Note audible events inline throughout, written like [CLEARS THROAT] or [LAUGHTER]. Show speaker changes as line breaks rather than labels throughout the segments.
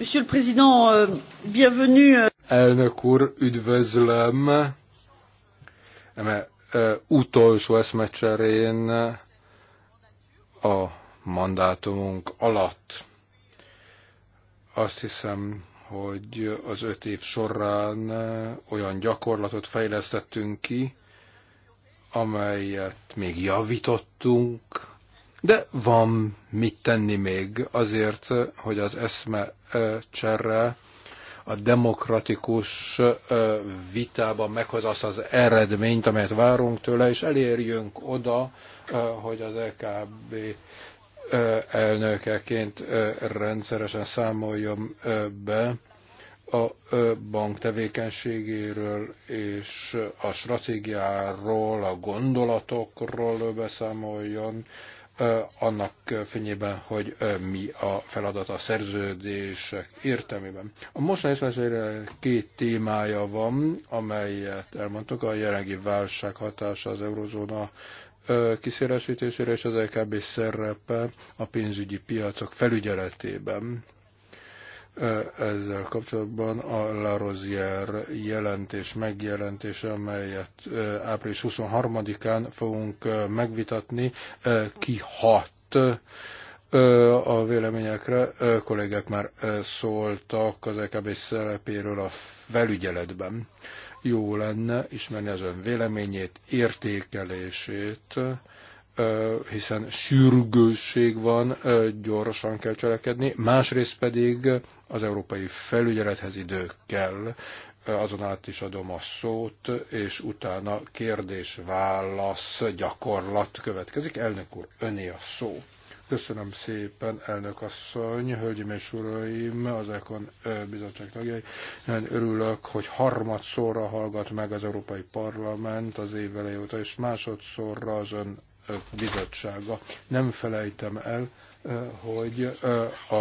Monsieur le Président, euh, bienvenue. Euh.
Elnök úr, üdvözlöm. Eme, utolsó eszmecserén a mandátumunk alatt. Azt hiszem, hogy az öt év során olyan gyakorlatot fejlesztettünk ki, amelyet még javítottunk, de van mit tenni még azért, hogy az eszme cserre a demokratikus vitában meghoz az az eredményt, amelyet várunk tőle, és elérjünk oda, hogy az EKB elnökeként rendszeresen számoljon be a bank tevékenységéről és a stratégiáról, a gondolatokról beszámoljon, annak fényében, hogy mi a feladat a szerződések értelmében. A mostani eszmezőre két témája van, amelyet elmondtuk, a jelenlegi válság hatása az eurozóna kiszélesítésére és az LKB e szerepe a pénzügyi piacok felügyeletében ezzel kapcsolatban a La Rosière jelentés megjelentése, amelyet április 23-án fogunk megvitatni, kihat a véleményekre. Kollégák már szóltak az EKB szerepéről a felügyeletben. Jó lenne ismerni az ön véleményét, értékelését hiszen sürgősség van, gyorsan kell cselekedni, másrészt pedig az európai felügyelethez idő kell, azon át is adom a szót, és utána kérdés-válasz gyakorlat következik. Elnök úr, öné a szó. Köszönöm szépen, elnök asszony, hölgyeim és uraim, az Econ bizottság tagjai. Nagyon örülök, hogy harmadszorra hallgat meg az Európai Parlament az év óta, és másodszorra az ön bizottsága. Nem felejtem el, hogy a,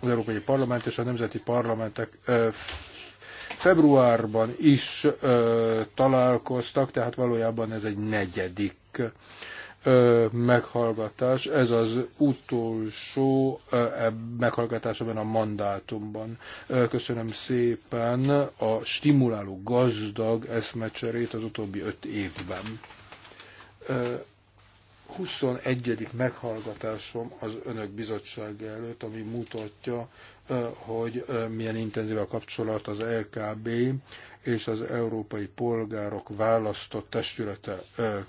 az Európai Parlament és a Nemzeti Parlamentek februárban is találkoztak, tehát valójában ez egy negyedik meghallgatás. Ez az utolsó e, meghallgatás ebben a mandátumban. Köszönöm szépen a stimuláló gazdag eszmecserét az utóbbi öt évben. 21. meghallgatásom az Önök bizottsága előtt, ami mutatja, hogy milyen intenzív a kapcsolat az LKB és az európai polgárok választott testülete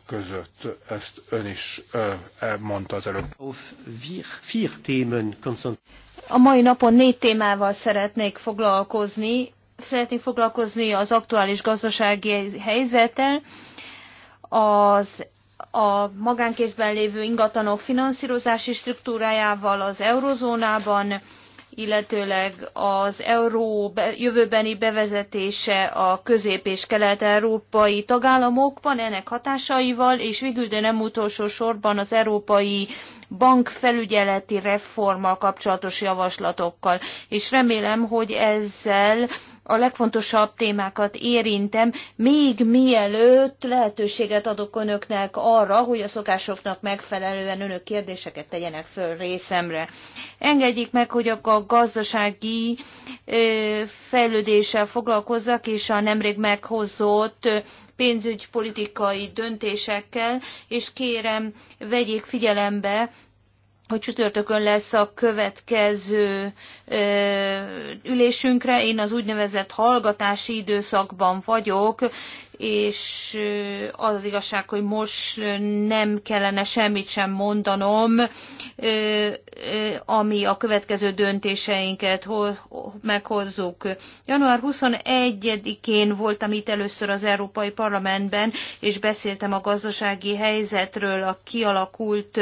között. Ezt ön is e, mondta az előbb.
A mai napon négy témával szeretnék foglalkozni. Szeretnék foglalkozni az aktuális gazdasági helyzettel, az a magánkézben lévő ingatlanok finanszírozási struktúrájával az eurozónában, illetőleg az euró jövőbeni bevezetése a közép- és kelet-európai tagállamokban, ennek hatásaival, és végül, de nem utolsó sorban az európai bankfelügyeleti reformmal kapcsolatos javaslatokkal. És remélem, hogy ezzel a legfontosabb témákat érintem, még mielőtt lehetőséget adok önöknek arra, hogy a szokásoknak megfelelően önök kérdéseket tegyenek föl részemre. Engedjék meg, hogy a gazdasági fejlődéssel foglalkozzak, és a nemrég meghozott pénzügypolitikai döntésekkel, és kérem, vegyék figyelembe hogy csütörtökön lesz a következő ö, ülésünkre. Én az úgynevezett hallgatási időszakban vagyok, és az az igazság, hogy most nem kellene semmit sem mondanom, ami a következő döntéseinket meghozzuk. Január 21-én voltam itt először az Európai Parlamentben, és beszéltem a gazdasági helyzetről, a kialakult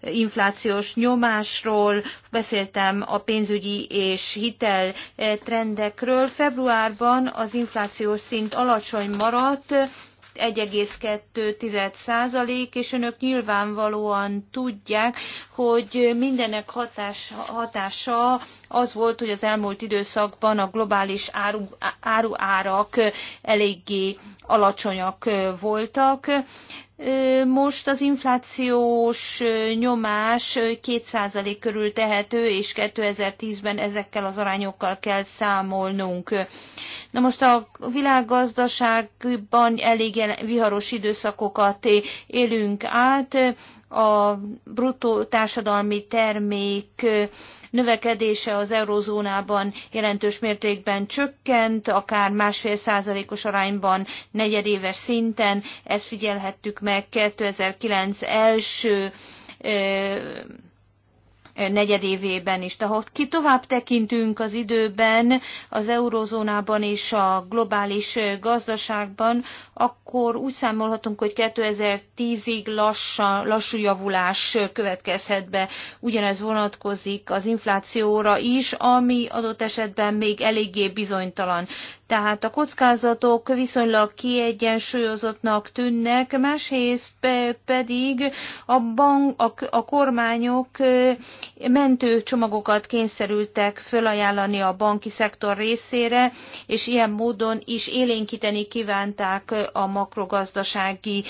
inflációs nyomásról, Beszéltem a pénzügyi és hitel eh, trendekről. Februárban az inflációs szint alacsony maradt, 1,2 százalék, és önök nyilvánvalóan tudják, hogy mindenek hatás, hatása az volt, hogy az elmúlt időszakban a globális áru, áruárak eléggé alacsonyak eh, voltak. Most az inflációs nyomás 2% körül tehető, és 2010-ben ezekkel az arányokkal kell számolnunk. Na most a világgazdaságban elég viharos időszakokat élünk át, a bruttó társadalmi termék növekedése az eurozónában jelentős mértékben csökkent, akár másfél százalékos arányban negyedéves szinten. Ezt figyelhettük meg 2009 első negyedévében is. Tehát ki tovább tekintünk az időben, az eurozónában és a globális gazdaságban, akkor úgy számolhatunk, hogy 2010-ig lassú javulás következhet be. Ugyanez vonatkozik az inflációra is, ami adott esetben még eléggé bizonytalan. Tehát a kockázatok viszonylag kiegyensúlyozottnak tűnnek, másrészt pedig a, bank, a, a kormányok mentőcsomagokat kényszerültek fölajánlani a banki szektor részére, és ilyen módon is élénkíteni kívánták a makrogazdasági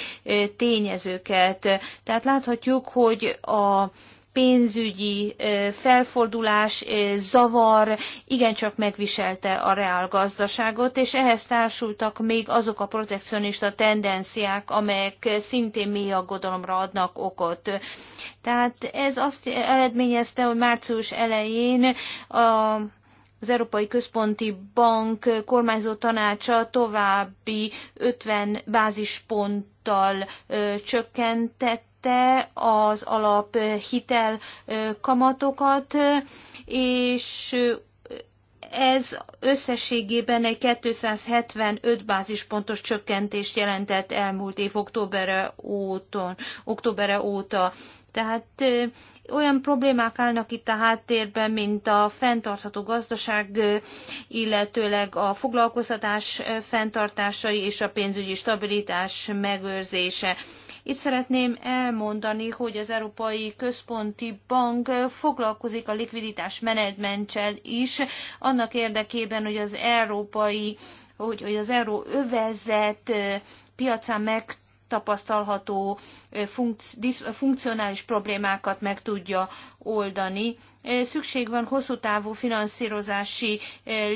tényezőket. Tehát láthatjuk, hogy a pénzügyi felfordulás, zavar igencsak megviselte a reálgazdaságot, és ehhez társultak még azok a protekcionista tendenciák, amelyek szintén mély aggodalomra adnak okot. Tehát ez azt eredményezte, hogy március elején a az Európai Központi Bank kormányzó tanácsa további 50 bázisponttal ö, csökkentett emelte az alaphitel kamatokat, és ez összességében egy 275 bázispontos csökkentést jelentett elmúlt év októberre, óta. októberre óta. Tehát ö, olyan problémák állnak itt a háttérben, mint a fenntartható gazdaság, illetőleg a foglalkoztatás fenntartásai és a pénzügyi stabilitás megőrzése. Itt szeretném elmondani, hogy az Európai Központi Bank foglalkozik a likviditás menedzsmentsel is, annak érdekében, hogy az európai hogy, hogy az euró övezet piacán meg tapasztalható funkcionális problémákat meg tudja oldani. Szükség van hosszú távú finanszírozási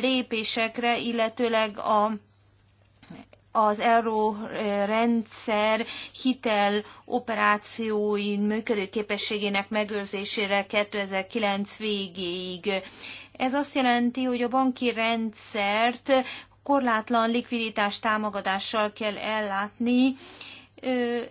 lépésekre, illetőleg a az euró eh, rendszer hitel operációi képességének megőrzésére 2009 végéig. Ez azt jelenti, hogy a banki rendszert korlátlan likviditás támogatással kell ellátni,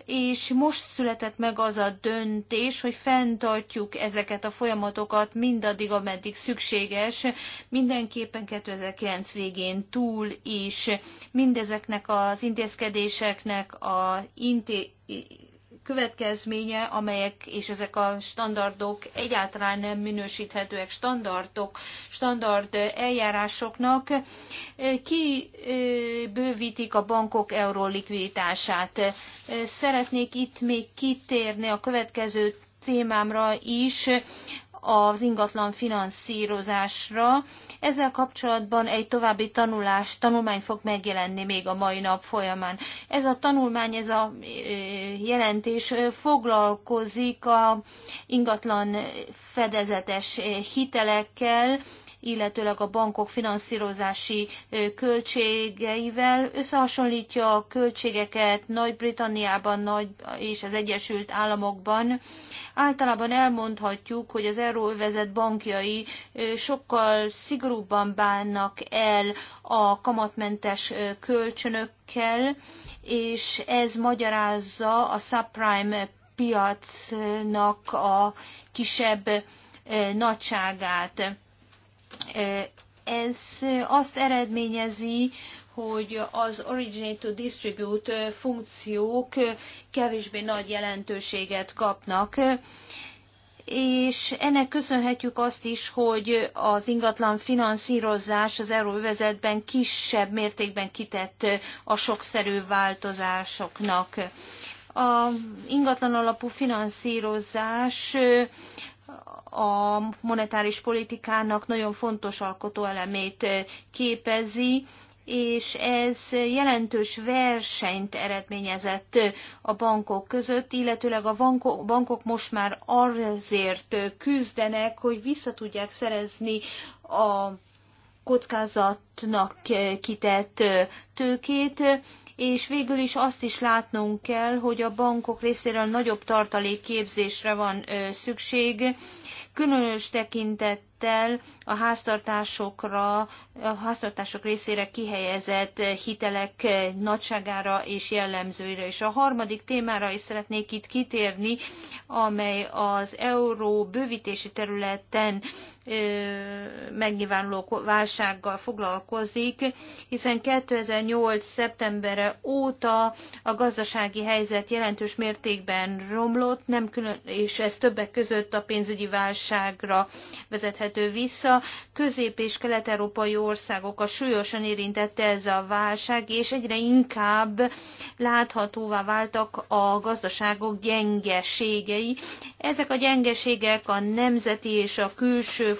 és most született meg az a döntés, hogy fenntartjuk ezeket a folyamatokat mindaddig, ameddig szükséges, mindenképpen 2009 végén túl is mindezeknek az intézkedéseknek a inté következménye, amelyek és ezek a standardok egyáltalán nem minősíthetőek standardok, standard eljárásoknak, bővítik a bankok euró likviditását. Szeretnék itt még kitérni a következő témámra is, az ingatlan finanszírozásra. Ezzel kapcsolatban egy további tanulás, tanulmány fog megjelenni még a mai nap folyamán. Ez a tanulmány, ez a jelentés foglalkozik a ingatlan fedezetes hitelekkel, illetőleg a bankok finanszírozási költségeivel, összehasonlítja a költségeket Nagy-Britanniában Nagy és az Egyesült Államokban. Általában elmondhatjuk, hogy az euróövezet bankjai sokkal szigorúbban bánnak el a kamatmentes kölcsönökkel, és ez magyarázza a subprime piacnak a kisebb nagyságát. Ez azt eredményezi, hogy az originate to distribute funkciók kevésbé nagy jelentőséget kapnak, és ennek köszönhetjük azt is, hogy az ingatlan finanszírozás az euróvezetben kisebb mértékben kitett a sokszerű változásoknak. A ingatlan alapú finanszírozás a monetáris politikának nagyon fontos alkotóelemét eh, képezi, és ez jelentős versenyt eredményezett eh, a bankok között, illetőleg a bankok most már azért eh, küzdenek, hogy vissza tudják szerezni a kockázatnak kitett tőkét, és végül is azt is látnunk kell, hogy a bankok részéről nagyobb tartalékképzésre van szükség, különös tekintettel a háztartásokra, a háztartások részére kihelyezett hitelek nagyságára és jellemzőire. És a harmadik témára is szeretnék itt kitérni, amely az euró bővítési területen megnyilvánuló válsággal foglalkozik, hiszen 2008. szeptembere óta a gazdasági helyzet jelentős mértékben romlott, nem külön, és ez többek között a pénzügyi válságra vezethető vissza. Közép- és kelet-európai országokat súlyosan érintette ez a válság, és egyre inkább láthatóvá váltak a gazdaságok gyengeségei. Ezek a gyengeségek a nemzeti és a külső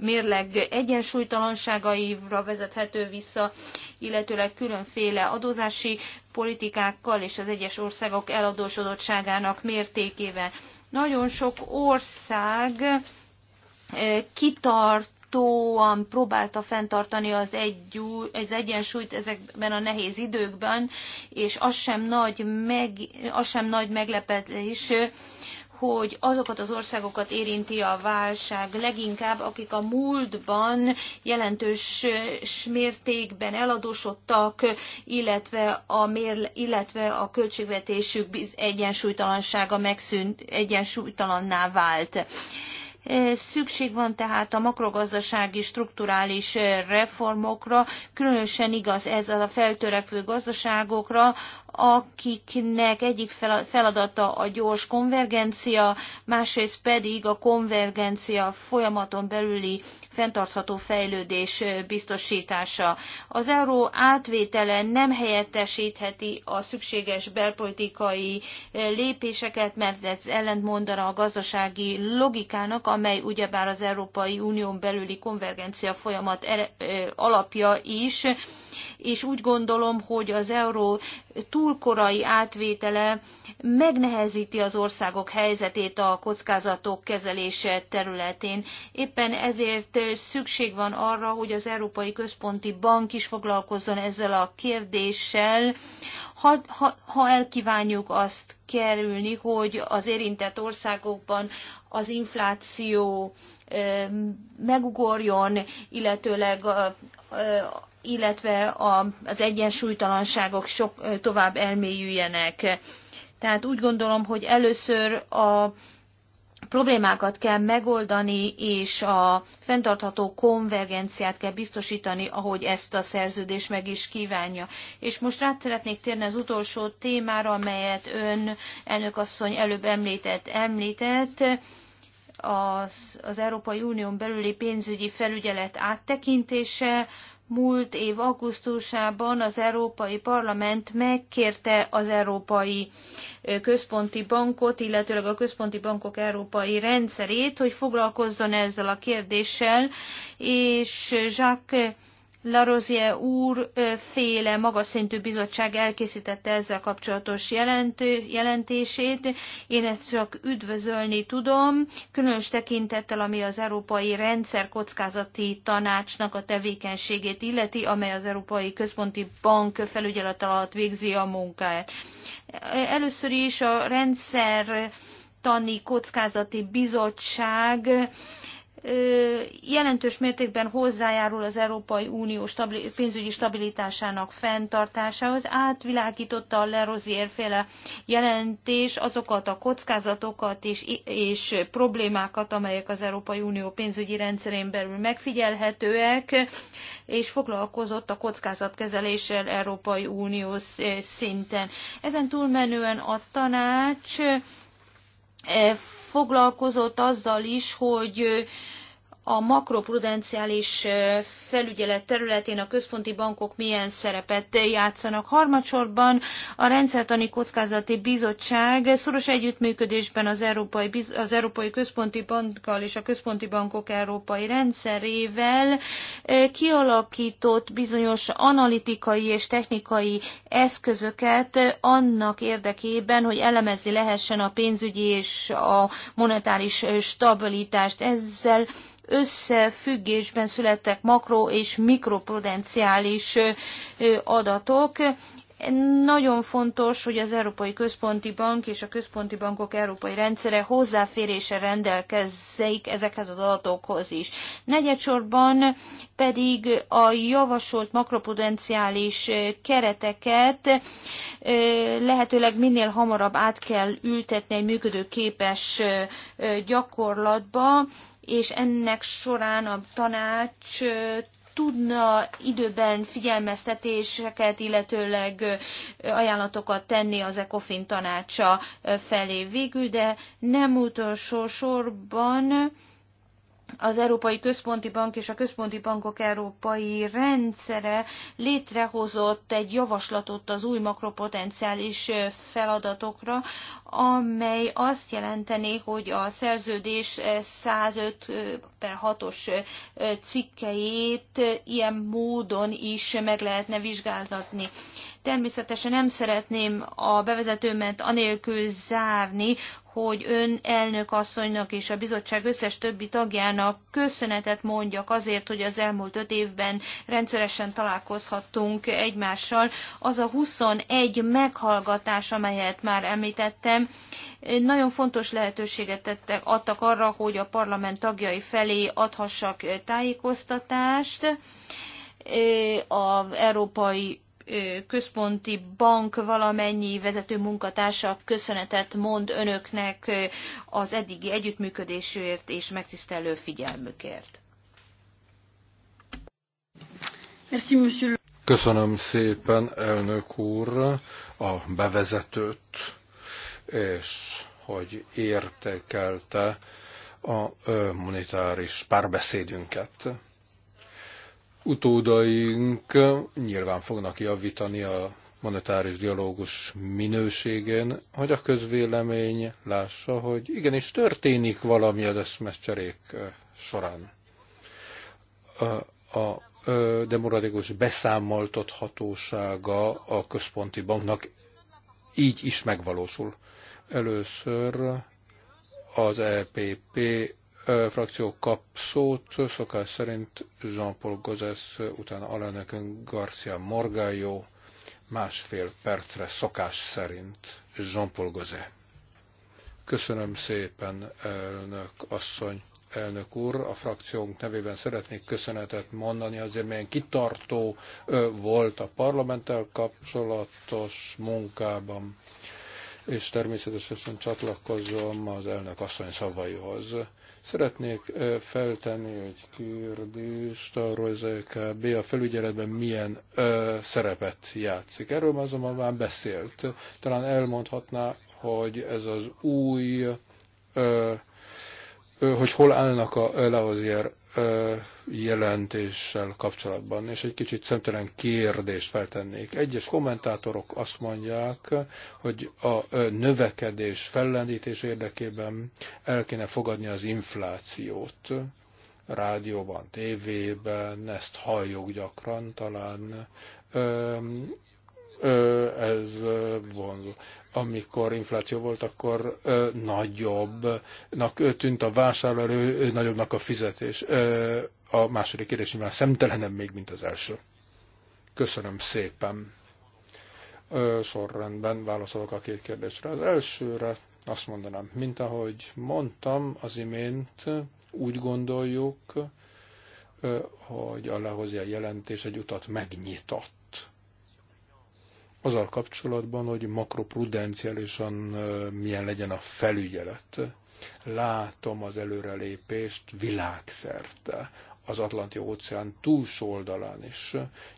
mérleg egyensúlytalanságaira vezethető vissza, illetőleg különféle adózási politikákkal és az egyes országok eladósodottságának mértékével. Nagyon sok ország eh, kitart tartóan próbálta fenntartani az, egy, az egyensúlyt ezekben a nehéz időkben, és az sem nagy, meg, az sem nagy meglepetés, hogy azokat az országokat érinti a válság leginkább, akik a múltban jelentős mértékben eladósodtak, illetve a, mérle, illetve a költségvetésük egyensúlytalansága megszűnt, egyensúlytalanná vált. E, szükség van tehát a makrogazdasági strukturális e, reformokra, különösen igaz ez a feltörekvő gazdaságokra, akiknek egyik feladata a gyors konvergencia, másrészt pedig a konvergencia folyamaton belüli fenntartható fejlődés biztosítása. Az euró átvétele nem helyettesítheti a szükséges belpolitikai eh, lépéseket, mert ez ellentmondana a gazdasági logikának, amely ugyebár az Európai Unión belüli konvergencia folyamat eh, alapja is, és úgy gondolom, hogy az euró túlkorai átvétele megnehezíti az országok helyzetét a kockázatok kezelése területén. Éppen ezért szükség van arra, hogy az Európai Központi Bank is foglalkozzon ezzel a kérdéssel, ha, ha, ha elkívánjuk azt kerülni, hogy az érintett országokban az infláció megugorjon, illetőleg illetve a, az egyensúlytalanságok sok, tovább elmélyüljenek. Tehát úgy gondolom, hogy először a problémákat kell megoldani, és a fenntartható konvergenciát kell biztosítani, ahogy ezt a szerződés meg is kívánja. És most rá szeretnék térni az utolsó témára, amelyet ön, elnökasszony előbb említett, említett az, az Európai Unión belüli pénzügyi felügyelet áttekintése, múlt év augusztusában az Európai Parlament megkérte az Európai Központi Bankot, illetőleg a Központi Bankok Európai Rendszerét, hogy foglalkozzon ezzel a kérdéssel, és Jacques Larosier úr féle magas szintű bizottság elkészítette ezzel kapcsolatos jelentő, jelentését. Én ezt csak üdvözölni tudom, különös tekintettel, ami az Európai Rendszer Kockázati Tanácsnak a tevékenységét illeti, amely az Európai Központi Bank felügyelet alatt végzi a munkáját. Először is a rendszer tani kockázati bizottság jelentős mértékben hozzájárul az Európai Unió stabil, pénzügyi stabilitásának fenntartásához. Átvilágította a Lerozier féle jelentés azokat a kockázatokat és, és problémákat, amelyek az Európai Unió pénzügyi rendszerén belül megfigyelhetőek, és foglalkozott a kockázatkezeléssel Európai Unió szinten. Ezen túlmenően a tanács e, foglalkozott azzal is, hogy a makroprudenciális felügyelet területén a központi bankok milyen szerepet játszanak. Harmadsorban a Rendszertani Kockázati Bizottság szoros együttműködésben az Európai, az Európai Központi Bankkal és a Központi Bankok Európai Rendszerével kialakított bizonyos analitikai és technikai eszközöket annak érdekében, hogy elemezni lehessen a pénzügyi és a monetáris stabilitást. Ezzel összefüggésben születtek makro- és mikroprudenciális adatok. Nagyon fontos, hogy az Európai Központi Bank és a központi bankok európai rendszere hozzáférése rendelkezzeik ezekhez az adatokhoz is. Negyedsorban pedig a javasolt makropotenciális kereteket lehetőleg minél hamarabb át kell ültetni egy működőképes gyakorlatba, és ennek során a tanács tudna időben figyelmeztetéseket, illetőleg ajánlatokat tenni az ECOFIN tanácsa felé végül, de nem utolsó sorban az Európai Központi Bank és a Központi Bankok Európai Rendszere létrehozott egy javaslatot az új makropotenciális feladatokra, amely azt jelenteni, hogy a szerződés 105 per 6-os cikkeit ilyen módon is meg lehetne vizsgáltatni. Természetesen nem szeretném a bevezetőmet anélkül zárni, hogy ön elnök asszonynak és a bizottság összes többi tagjának köszönetet mondjak azért, hogy az elmúlt öt évben rendszeresen találkozhattunk egymással. Az a 21 meghallgatás, amelyet már említettem, nagyon fontos lehetőséget tettek, adtak arra, hogy a parlament tagjai felé adhassak tájékoztatást a Európai központi bank valamennyi vezető munkatársa köszönetet mond önöknek az eddigi együttműködésért és megtisztelő figyelmükért.
Köszönöm szépen, elnök úr, a bevezetőt, és hogy értékelte a monetáris párbeszédünket utódaink nyilván fognak javítani a monetáris dialógus minőségén, hogy a közvélemény lássa, hogy igenis történik valami az eszmecserék során. A demokratikus beszámoltathatósága a központi banknak így is megvalósul. Először az EPP frakció kap szót, szokás szerint Jean-Paul Gozes, utána alelnökünk Garcia Morgallo, másfél percre szokás szerint Jean-Paul Gozé. Köszönöm szépen, elnök asszony, elnök úr. A frakciónk nevében szeretnék köszönetet mondani, azért milyen kitartó volt a parlamenttel kapcsolatos munkában és természetesen csatlakozom az elnök asszony szavaihoz. Szeretnék feltenni egy kérdést arról, hogy EKB a felügyeletben milyen ö, szerepet játszik. Erről azonban már beszélt. Talán elmondhatná, hogy ez az új, ö, ö, hogy hol állnak a Leozier jelentéssel kapcsolatban, és egy kicsit szemtelen kérdést feltennék. Egyes kommentátorok azt mondják, hogy a növekedés fellendítés érdekében el kéne fogadni az inflációt. Rádióban, tévében, ezt halljuk gyakran, talán ez vonzó. Amikor infláció volt, akkor nagyobbnak tűnt a vásárlóerő, nagyobbnak a fizetés. A második kérdés nyilván szemtelenem még, mint az első. Köszönöm szépen. Sorrendben válaszolok a két kérdésre. Az elsőre azt mondanám, mint ahogy mondtam az imént, úgy gondoljuk, hogy a lehozja jelentés egy utat megnyitott azzal kapcsolatban, hogy makroprudenciálisan milyen legyen a felügyelet. Látom az előrelépést világszerte, az Atlanti óceán túlsó oldalán is.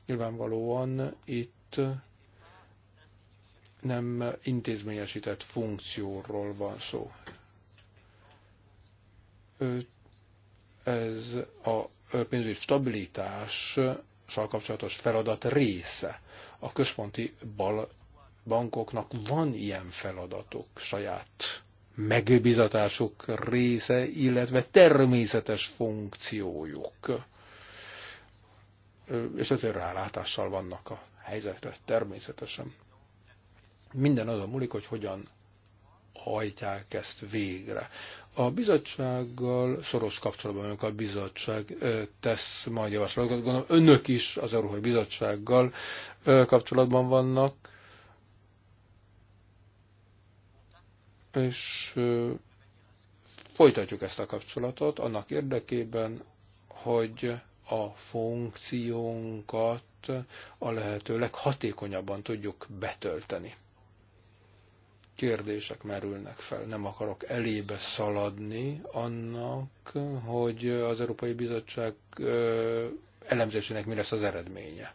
Nyilvánvalóan itt nem intézményesített funkcióról van szó. Ez a pénzügyi stabilitással kapcsolatos feladat része a központi bal bankoknak van ilyen feladatok, saját megbizatásuk része, illetve természetes funkciójuk. És ezért rálátással vannak a helyzetre, természetesen. Minden az a múlik, hogy hogyan hajtják ezt végre. A bizottsággal szoros kapcsolatban vagyunk, a bizottság tesz majd javaslatokat. Gondolom önök is az Európai Bizottsággal kapcsolatban vannak. És folytatjuk ezt a kapcsolatot annak érdekében, hogy a funkciónkat a lehető leghatékonyabban tudjuk betölteni kérdések merülnek fel. Nem akarok elébe szaladni annak, hogy az Európai Bizottság elemzésének mi lesz az eredménye.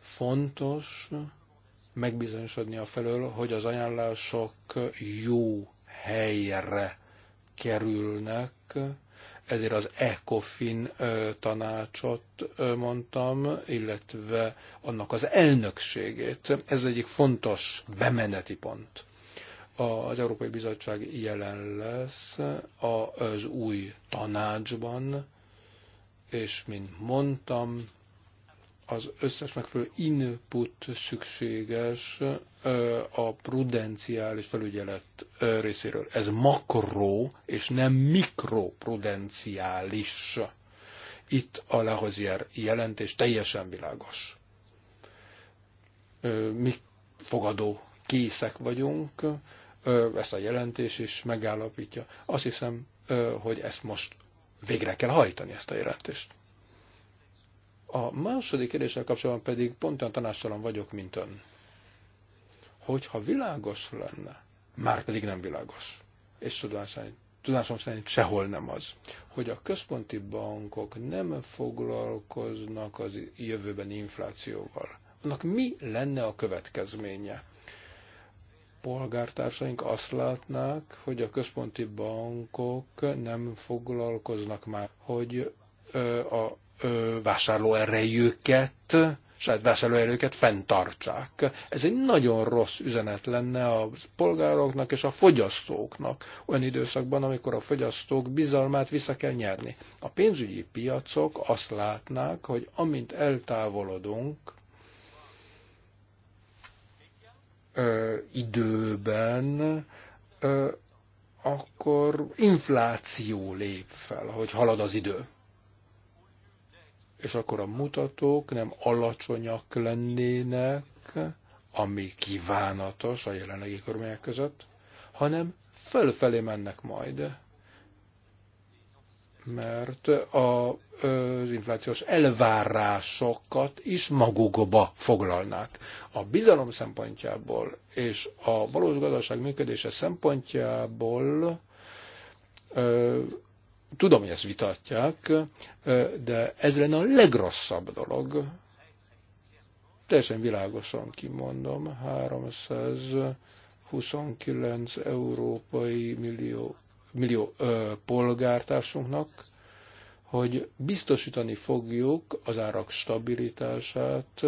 Fontos megbizonyosodni a felől, hogy az ajánlások jó helyre kerülnek, ezért az ECOFIN tanácsot mondtam, illetve annak az elnökségét. Ez egyik fontos bemeneti pont. Az Európai Bizottság jelen lesz az új tanácsban, és mint mondtam, az összes megfelelő input szükséges a prudenciális felügyelet részéről. Ez makro és nem mikroprudenciális. Itt a Lehozier jelentés teljesen világos. Mi fogadó készek vagyunk, ezt a jelentés is megállapítja. Azt hiszem, hogy ezt most végre kell hajtani, ezt a jelentést. A második kérdéssel kapcsolatban pedig pont olyan tanástalan vagyok, mint ön. Hogyha világos lenne, már pedig nem világos, és tudásom szerint sehol nem az, hogy a központi bankok nem foglalkoznak az jövőben inflációval, annak mi lenne a következménye? polgártársaink azt látnák, hogy a központi bankok nem foglalkoznak már, hogy a vásárlóerejüket, saját vásárlóerőket fenntartsák. Ez egy nagyon rossz üzenet lenne a polgároknak és a fogyasztóknak olyan időszakban, amikor a fogyasztók bizalmát vissza kell nyerni. A pénzügyi piacok azt látnák, hogy amint eltávolodunk ö, időben, ö, akkor infláció lép fel, hogy halad az idő. És akkor a mutatók nem alacsonyak lennének, ami kívánatos a jelenlegi körülmények között, hanem fölfelé mennek majd mert az inflációs elvárásokat is magukba foglalnák. A bizalom szempontjából és a valós gazdaság működése szempontjából tudom, hogy ezt vitatják, de ez lenne a legrosszabb dolog. Teljesen világosan kimondom, 329 európai millió millió polgártársunknak, hogy biztosítani fogjuk az árak stabilitását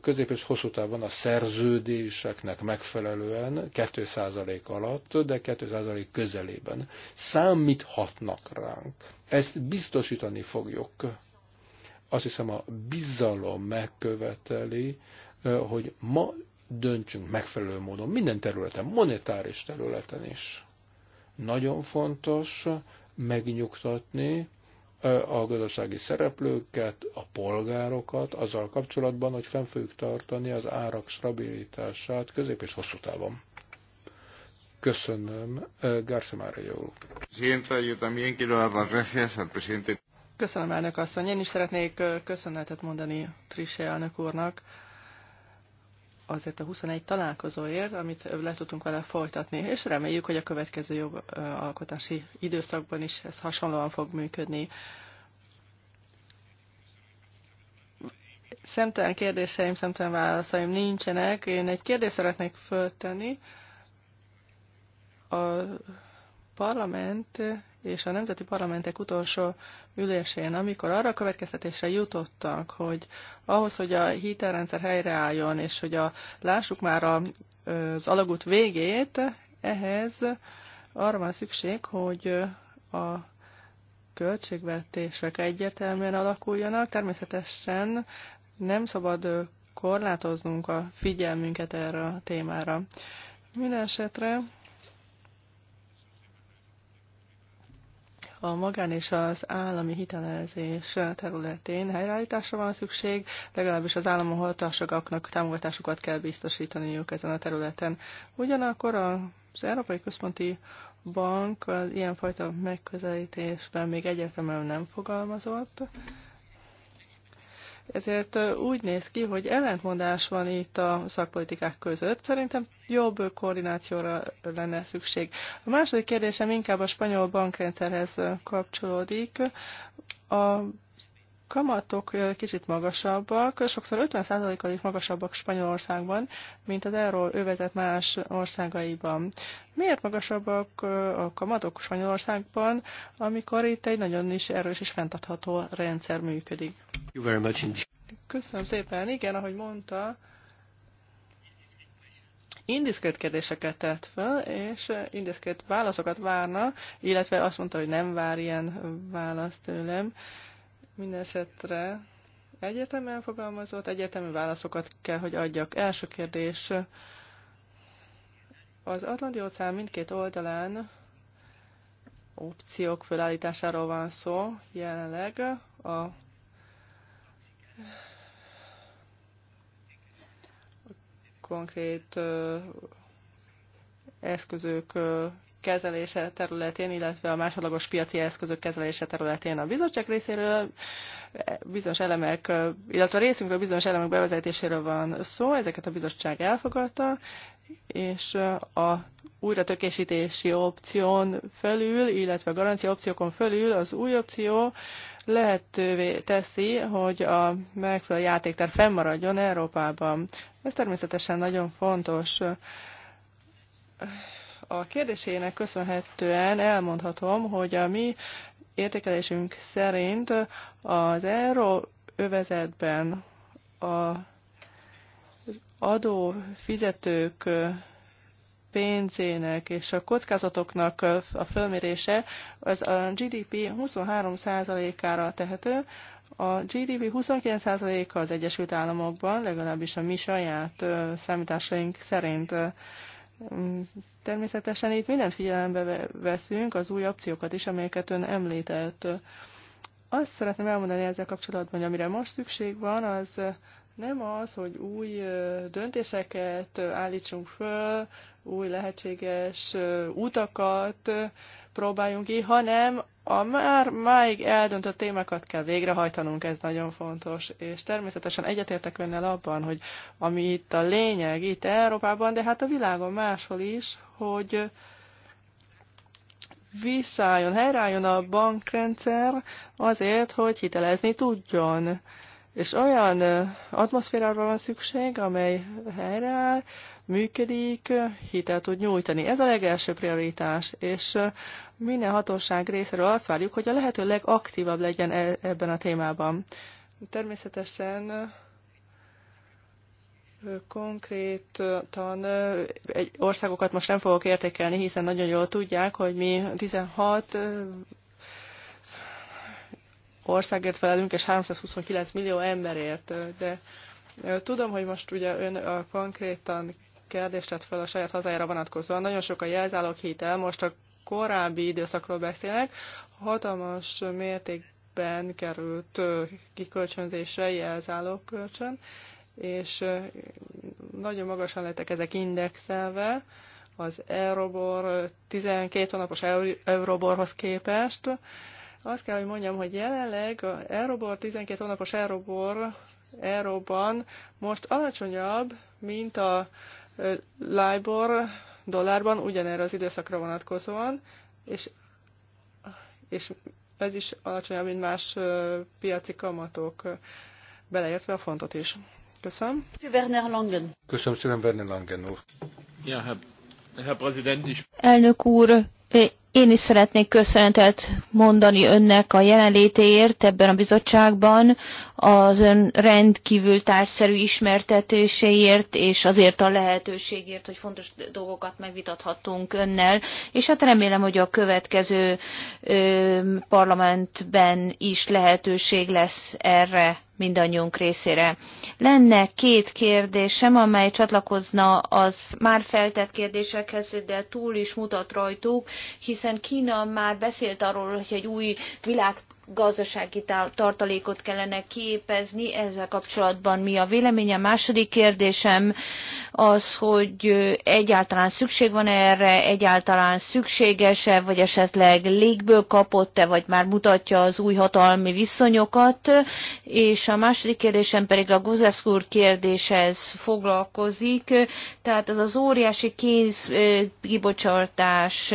közép és hosszú távon a szerződéseknek megfelelően 2% alatt, de 2% közelében. Számíthatnak ránk. Ezt biztosítani fogjuk. Azt hiszem a bizalom megköveteli, hogy ma döntsünk megfelelő módon minden területen, monetáris területen is nagyon fontos megnyugtatni a gazdasági szereplőket, a polgárokat azzal kapcsolatban, hogy fenn fogjuk tartani az árak stabilitását közép és hosszú távon. Köszönöm, Garcia Mária úr.
Köszönöm, elnök asszony. Én is szeretnék köszönetet mondani Trisse elnök úrnak azért a 21 találkozóért, amit le tudtunk vele folytatni, és reméljük, hogy a következő jogalkotási időszakban is ez hasonlóan fog működni. Szemtelen kérdéseim, szemtelen válaszaim nincsenek. Én egy kérdést szeretnék föltenni. A parlament és a nemzeti parlamentek utolsó ülésén, amikor arra következtetésre jutottak, hogy ahhoz, hogy a hitelrendszer helyreálljon, és hogy a, lássuk már a, az alagút végét, ehhez arra van szükség, hogy a költségvetések egyértelműen alakuljanak. Természetesen nem szabad korlátoznunk a figyelmünket erre a témára. Mindenesetre a magán és az állami hitelezés területén helyreállításra van szükség, legalábbis az államon hatásoknak támogatásukat kell biztosítaniuk ezen a területen. Ugyanakkor az Európai Központi Bank az ilyenfajta megközelítésben még egyértelműen nem fogalmazott, ezért úgy néz ki, hogy ellentmondás van itt a szakpolitikák között. Szerintem jobb koordinációra lenne szükség. A második kérdésem inkább a spanyol bankrendszerhez kapcsolódik. A kamatok kicsit magasabbak, sokszor 50%-kal is magasabbak Spanyolországban, mint az erről övezet más országaiban. Miért magasabbak a kamatok Spanyolországban, amikor itt egy nagyon is erős és fenntartható rendszer működik? Köszönöm szépen. Igen, ahogy mondta, indiszkrét kérdéseket tett fel, és indiszkrét válaszokat várna, illetve azt mondta, hogy nem vár ilyen választ tőlem. Mindenesetre egyértelműen fogalmazott, egyértelmű válaszokat kell, hogy adjak. Első kérdés. Az Atlanti óceán mindkét oldalán opciók felállításáról van szó jelenleg. A konkrét eszközök kezelése területén, illetve a másodlagos piaci eszközök kezelése területén a bizottság részéről bizonyos elemek, illetve a részünkről bizonyos elemek bevezetéséről van szó, ezeket a bizottság elfogadta, és a újratökésítési opción fölül, illetve a garancia opciókon fölül az új opció lehetővé teszi, hogy a megfelelő játékter fennmaradjon Európában. Ez természetesen nagyon fontos a kérdésének köszönhetően elmondhatom, hogy a mi értékelésünk szerint az euró övezetben a adó fizetők pénzének és a kockázatoknak a fölmérése az a GDP 23%-ára tehető. A GDP 29%-a az Egyesült Államokban, legalábbis a mi saját számításaink szerint Természetesen itt mindent figyelembe veszünk, az új opciókat is, amelyeket ön említett. Azt szeretném elmondani ezzel kapcsolatban, hogy amire most szükség van, az nem az, hogy új döntéseket állítsunk föl, új lehetséges utakat próbáljunk ki, hanem a már máig eldöntött témákat kell végrehajtanunk, ez nagyon fontos. És természetesen egyetértek önnel abban, hogy ami itt a lényeg, itt Európában, de hát a világon máshol is, hogy visszálljon, helyreálljon a bankrendszer azért, hogy hitelezni tudjon és olyan atmoszférára van szükség, amely helyreáll, működik, hitel tud nyújtani. Ez a legelső prioritás, és minden hatóság részéről azt várjuk, hogy a lehető legaktívabb legyen e, ebben a témában. Természetesen konkrétan egy országokat most nem fogok értékelni, hiszen nagyon jól tudják, hogy mi 16 országért felelünk, és 329 millió emberért, de tudom, hogy most ugye ön a konkrétan kérdést tett fel a saját hazájára vonatkozóan. Nagyon sok a jelzálók hitel, most a korábbi időszakról beszélek, hatalmas mértékben került kikölcsönzésre jelzálók kölcsön, és nagyon magasan lettek ezek indexelve az Eurobor 12 hónapos Euroborhoz képest, azt kell, hogy mondjam, hogy jelenleg a Eurobor, 12 hónapos Eurobor, Euróban most alacsonyabb, mint a LIBOR dollárban ugyanerre az időszakra vonatkozóan, és, és ez is alacsonyabb, mint más piaci kamatok, beleértve a fontot is. Köszönöm. Werner Langen.
Köszönöm szépen, Werner Langen úr. Ja, Herr, Herr Präsident, is.
Elnök úr, én is szeretnék köszönetet mondani önnek a jelenlétéért ebben a bizottságban, az ön rendkívül társszerű ismertetéséért, és azért a lehetőségért, hogy fontos dolgokat megvitathatunk önnel, és hát remélem, hogy a következő ö, parlamentben is lehetőség lesz erre mindannyiunk részére. Lenne két kérdésem, amely csatlakozna az már feltett kérdésekhez, de túl is mutat rajtuk, hiszen Kína már beszélt arról, hogy egy új világ gazdasági tartalékot kellene képezni. Ezzel kapcsolatban mi a véleménye? A második kérdésem az, hogy egyáltalán szükség van erre, egyáltalán szükséges-e, vagy esetleg légből kapott-e, vagy már mutatja az új hatalmi viszonyokat. És a második kérdésem pedig a Gozesz úr kérdéshez foglalkozik. Tehát az az óriási kénzkibocsartás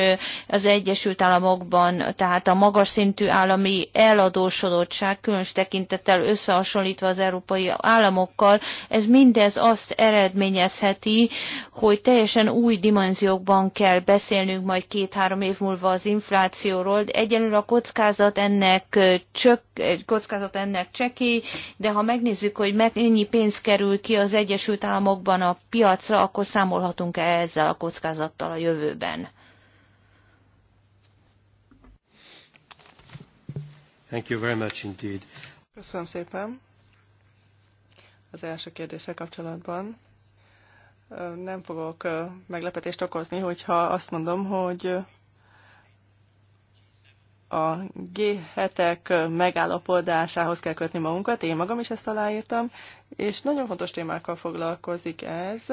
az Egyesült Államokban, tehát a magas szintű állami eladósodottság, különös tekintettel összehasonlítva az európai államokkal, ez mindez azt eredményezheti, hogy teljesen új dimenziókban kell beszélnünk majd két-három év múlva az inflációról, de egyelőre a kockázat ennek csök, kockázat ennek cseki, de ha megnézzük, hogy mennyi pénz kerül ki az Egyesült Államokban a piacra, akkor számolhatunk -e ezzel a kockázattal a jövőben.
Thank you very much indeed.
Köszönöm szépen. Az első kérdéssel kapcsolatban nem fogok meglepetést okozni, hogyha azt mondom, hogy a G7-ek megállapodásához kell kötni magunkat, én magam is ezt aláírtam, és nagyon fontos témákkal foglalkozik ez,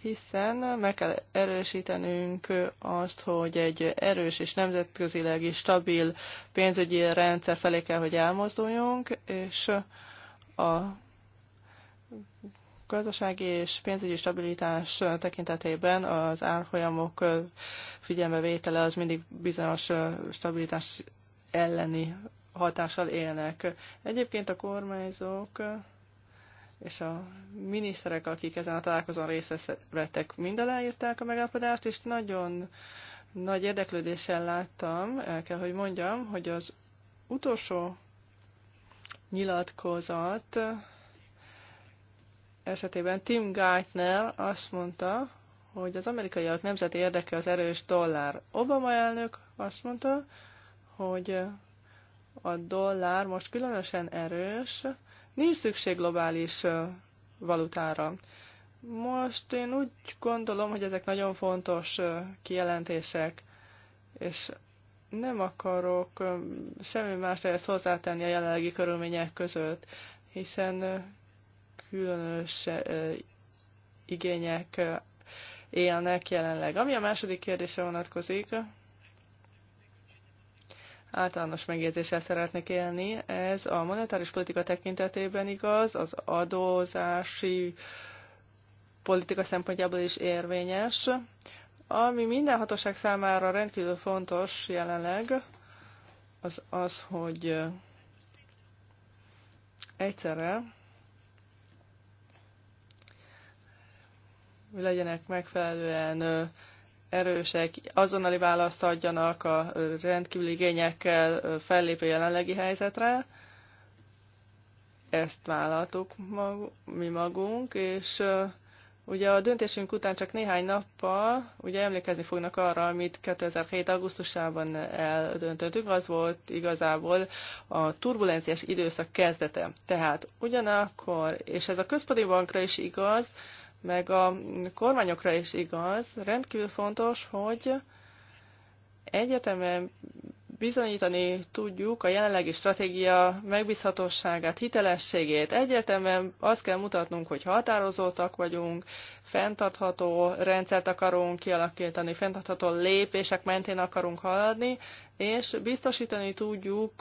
hiszen meg kell erősítenünk azt, hogy egy erős és nemzetközileg is stabil pénzügyi rendszer felé kell, hogy elmozduljunk, és a gazdasági és pénzügyi stabilitás tekintetében az árfolyamok figyelmevétele az mindig bizonyos stabilitás elleni hatással élnek. Egyébként a kormányzók és a miniszterek, akik ezen a találkozón részt vettek, mind aláírták a megállapodást, és nagyon nagy érdeklődéssel láttam, el kell, hogy mondjam, hogy az utolsó nyilatkozat esetében Tim Geithner azt mondta, hogy az amerikaiak nemzeti érdeke az erős dollár. Obama elnök azt mondta, hogy a dollár most különösen erős, Nincs szükség globális valutára. Most én úgy gondolom, hogy ezek nagyon fontos kijelentések, és nem akarok semmi más ehhez hozzátenni a jelenlegi körülmények között, hiszen különös igények élnek jelenleg. Ami a második kérdése vonatkozik, általános megjegyzéssel szeretnék élni. Ez a monetáris politika tekintetében igaz, az adózási politika szempontjából is érvényes. Ami minden hatóság számára rendkívül fontos jelenleg, az az, hogy egyszerre legyenek megfelelően erősek, azonnali választ adjanak a rendkívüli igényekkel fellépő jelenlegi helyzetre. Ezt vállaltuk mag- mi magunk, és ugye a döntésünk után csak néhány nappal, ugye emlékezni fognak arra, amit 2007. augusztusában eldöntöttük, az volt igazából a turbulenciás időszak kezdete. Tehát ugyanakkor, és ez a központi bankra is igaz, meg a kormányokra is igaz, rendkívül fontos, hogy egyetemen bizonyítani tudjuk a jelenlegi stratégia megbízhatóságát, hitelességét. Egyértelműen azt kell mutatnunk, hogy határozottak vagyunk, fenntartható rendszert akarunk kialakítani, fenntartható lépések mentén akarunk haladni, és biztosítani tudjuk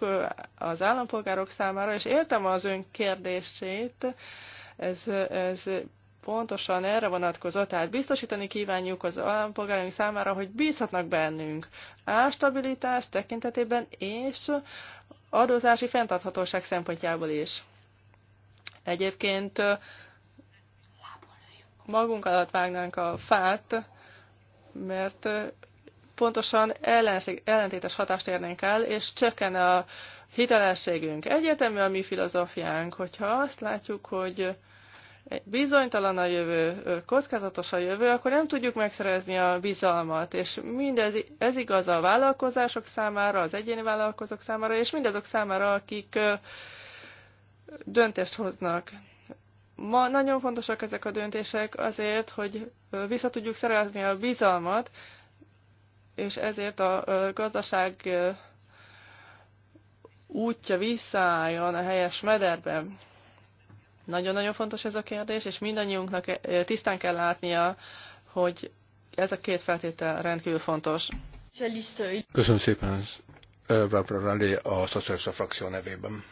az állampolgárok számára, és értem az ön kérdését, ez, ez pontosan erre vonatkozott, tehát biztosítani kívánjuk az állampolgáraink számára, hogy bízhatnak bennünk ástabilitás tekintetében és adózási fenntarthatóság szempontjából is. Egyébként magunk alatt vágnánk a fát, mert pontosan ellentétes hatást érnénk el, és csökkenne a hitelességünk. Egyértelmű a mi filozófiánk, hogyha azt látjuk, hogy bizonytalan a jövő, kockázatos a jövő, akkor nem tudjuk megszerezni a bizalmat, és mindez ez igaz a vállalkozások számára, az egyéni vállalkozók számára, és mindazok számára, akik döntést hoznak. Ma nagyon fontosak ezek a döntések azért, hogy vissza tudjuk szerezni a bizalmat, és ezért a gazdaság útja visszaálljon a helyes mederben nagyon-nagyon fontos ez a kérdés, és mindannyiunknak eh, tisztán kell látnia, hogy ez a két feltétel rendkívül fontos.
Köszönöm szépen, Vábra eh, Rallé, a Szocialista Frakció nevében.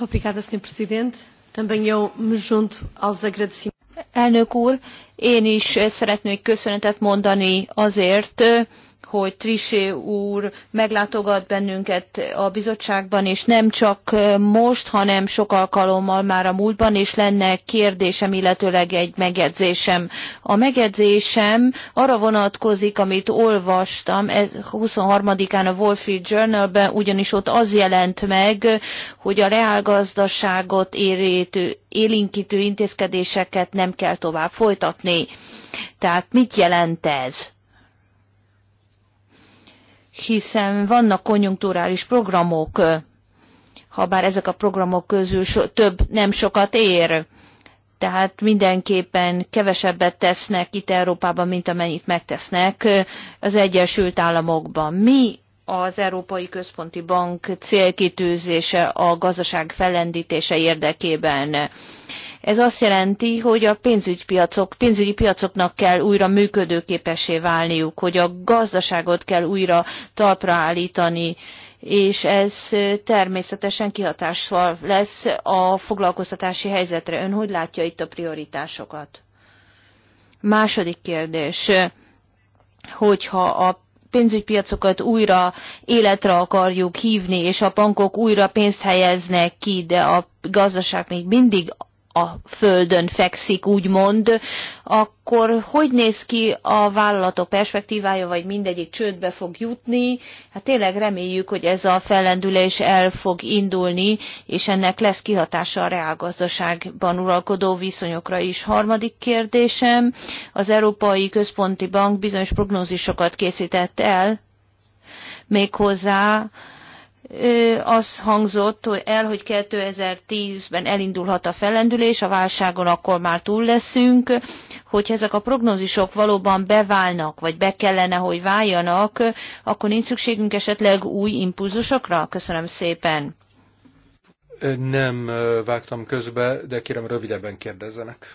Obrigada, Sr. Presidente. Também eu me junto aos agradecimentos. Elnök úr, én is szeretnék köszönetet mondani azért, eh, hogy Trisé úr meglátogat bennünket a bizottságban, és nem csak most, hanem sok alkalommal már a múltban, és lenne kérdésem, illetőleg egy megjegyzésem. A megjegyzésem arra vonatkozik, amit olvastam, ez 23-án a Wall Street Journalben, ugyanis ott az jelent meg, hogy a reálgazdaságot érítő, élinkítő intézkedéseket nem kell tovább folytatni. Tehát mit jelent ez? hiszen vannak konjunkturális programok, ha bár ezek a programok közül so, több nem sokat ér. Tehát mindenképpen kevesebbet tesznek itt Európában, mint amennyit megtesznek az Egyesült Államokban. Mi az Európai Központi Bank célkitűzése a gazdaság felendítése érdekében? Ez azt jelenti, hogy a pénzügypiacok, pénzügyi piacoknak kell újra működőképessé válniuk, hogy a gazdaságot kell újra talpra állítani, és ez természetesen kihatással lesz a foglalkoztatási helyzetre. Ön hogy látja itt a prioritásokat? Második kérdés, hogyha a pénzügypiacokat újra életre akarjuk hívni, és a bankok újra pénzt helyeznek ki, de a gazdaság még mindig a földön fekszik, úgymond, akkor hogy néz ki a vállalatok perspektívája, vagy mindegyik csődbe fog jutni? Hát tényleg reméljük, hogy ez a fellendülés el fog indulni, és ennek lesz kihatása a reálgazdaságban uralkodó viszonyokra is. Harmadik kérdésem, az Európai Központi Bank bizonyos prognózisokat készített el, méghozzá az hangzott hogy el, hogy 2010-ben elindulhat a fellendülés, a válságon akkor már túl leszünk, hogy ezek a prognózisok valóban beválnak, vagy be kellene, hogy váljanak, akkor nincs szükségünk esetleg új impulzusokra? Köszönöm szépen.
Nem vágtam közbe, de kérem rövidebben kérdezzenek.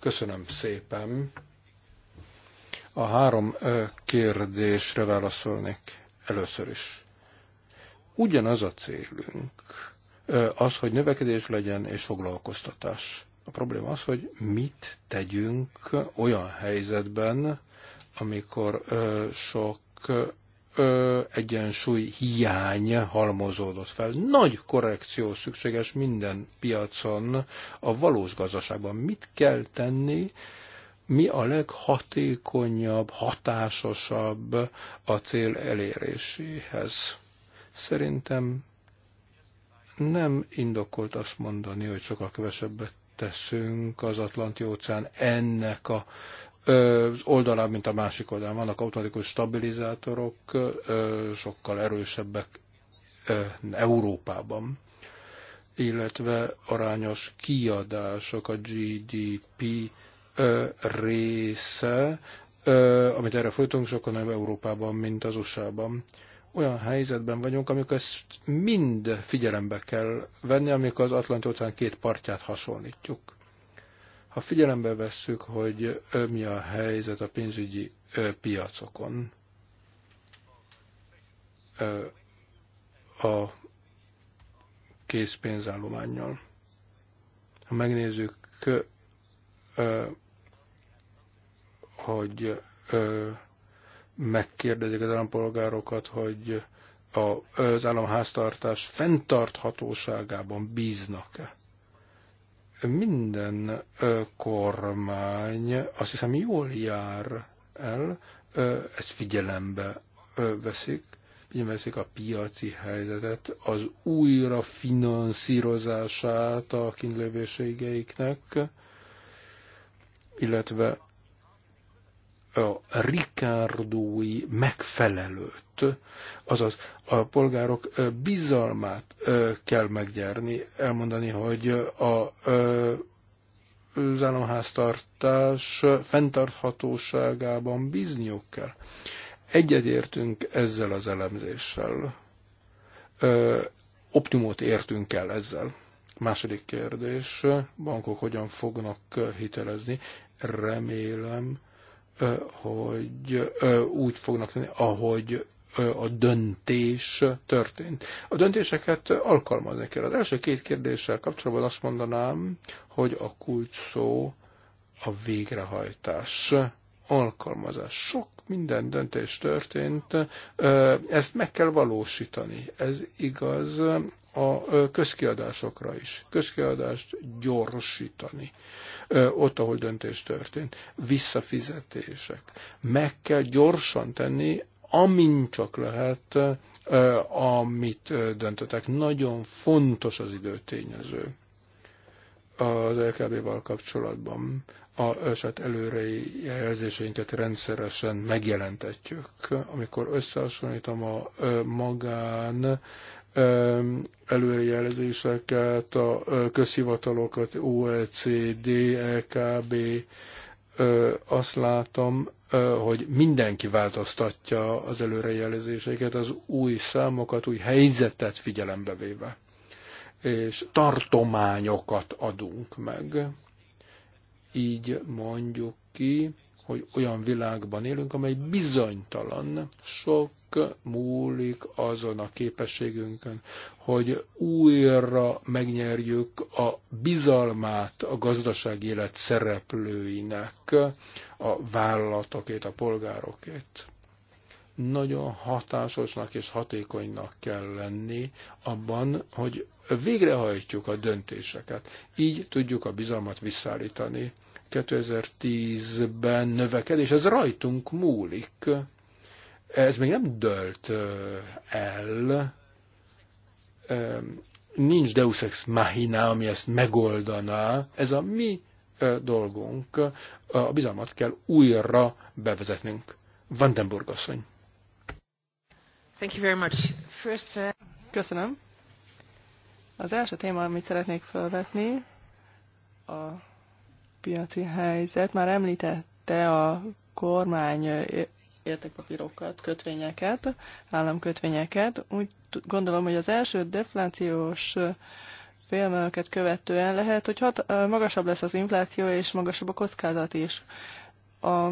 Köszönöm szépen. A három kérdésre válaszolnék először is. Ugyanaz a célunk, az, hogy növekedés legyen és foglalkoztatás. A probléma az, hogy mit tegyünk olyan helyzetben, amikor sok egyensúly hiány halmozódott fel. Nagy korrekció szükséges minden piacon, a valós gazdaságban. Mit kell tenni, mi a leghatékonyabb, hatásosabb a cél eléréséhez? Szerintem nem indokolt azt mondani, hogy sokkal kevesebbet teszünk az Atlanti-óceán ennek a az oldalán, mint a másik oldalán. Vannak automatikus stabilizátorok, sokkal erősebbek Európában, illetve arányos kiadások a GDP része, amit erre folytunk, sokkal nagyobb Európában, mint az USA-ban olyan helyzetben vagyunk, amikor ezt mind figyelembe kell venni, amikor az Atlanti óceán két partját hasonlítjuk. Ha figyelembe vesszük, hogy mi a helyzet a pénzügyi piacokon, a készpénzállományjal. Ha megnézzük, hogy megkérdezik az állampolgárokat, hogy a, az államháztartás fenntarthatóságában bíznak-e. Minden kormány azt hiszem jól jár el, ezt figyelembe veszik, veszik a piaci helyzetet, az újra finanszírozását a kínlévőségeiknek, illetve a Ricardói megfelelőt, azaz a polgárok bizalmát kell meggyerni, elmondani, hogy a az államháztartás fenntarthatóságában bízniuk kell. Egyetértünk ezzel az elemzéssel. Ö, optimót értünk el ezzel. Második kérdés, bankok hogyan fognak hitelezni? Remélem, hogy úgy fognak lenni, ahogy a döntés történt. A döntéseket alkalmazni kell. Az első két kérdéssel kapcsolatban azt mondanám, hogy a kulcs szó a végrehajtás, alkalmazás. Sok minden döntés történt, ezt meg kell valósítani. Ez igaz a közkiadásokra is. Közkiadást gyorsítani. Ott, ahol döntés történt. Visszafizetések. Meg kell gyorsan tenni, amint csak lehet, amit döntöttek. Nagyon fontos az időtényező az LKB-val kapcsolatban a eset jelzéseinket rendszeresen megjelentetjük. Amikor összehasonlítom a magán előrejelzéseket, a közhivatalokat, OECD, EKB, azt látom, hogy mindenki változtatja az előrejelzéseket, az új számokat, új helyzetet figyelembe véve. És tartományokat adunk meg. Így mondjuk ki, hogy olyan világban élünk, amely bizonytalan, sok múlik azon a képességünkön, hogy újra megnyerjük a bizalmát a gazdaság élet szereplőinek, a vállalatokét, a polgárokét. Nagyon hatásosnak és hatékonynak kell lenni abban, hogy végrehajtjuk a döntéseket. Így tudjuk a bizalmat visszaállítani 2010-ben növekedés, ez rajtunk múlik. Ez még nem dölt el. Nincs Deus Ex Machina, ami ezt megoldaná. Ez a mi dolgunk. A bizalmat kell újra bevezetnünk. Vandenburg asszony.
Thank you very much. First, uh... Köszönöm. Az első téma, amit szeretnék felvetni, a piaci helyzet. Már említette a kormány értékpapírokat, kötvényeket, államkötvényeket. Úgy gondolom, hogy az első deflációs félmelőket követően lehet, hogy hat, magasabb lesz az infláció, és magasabb a kockázat is. A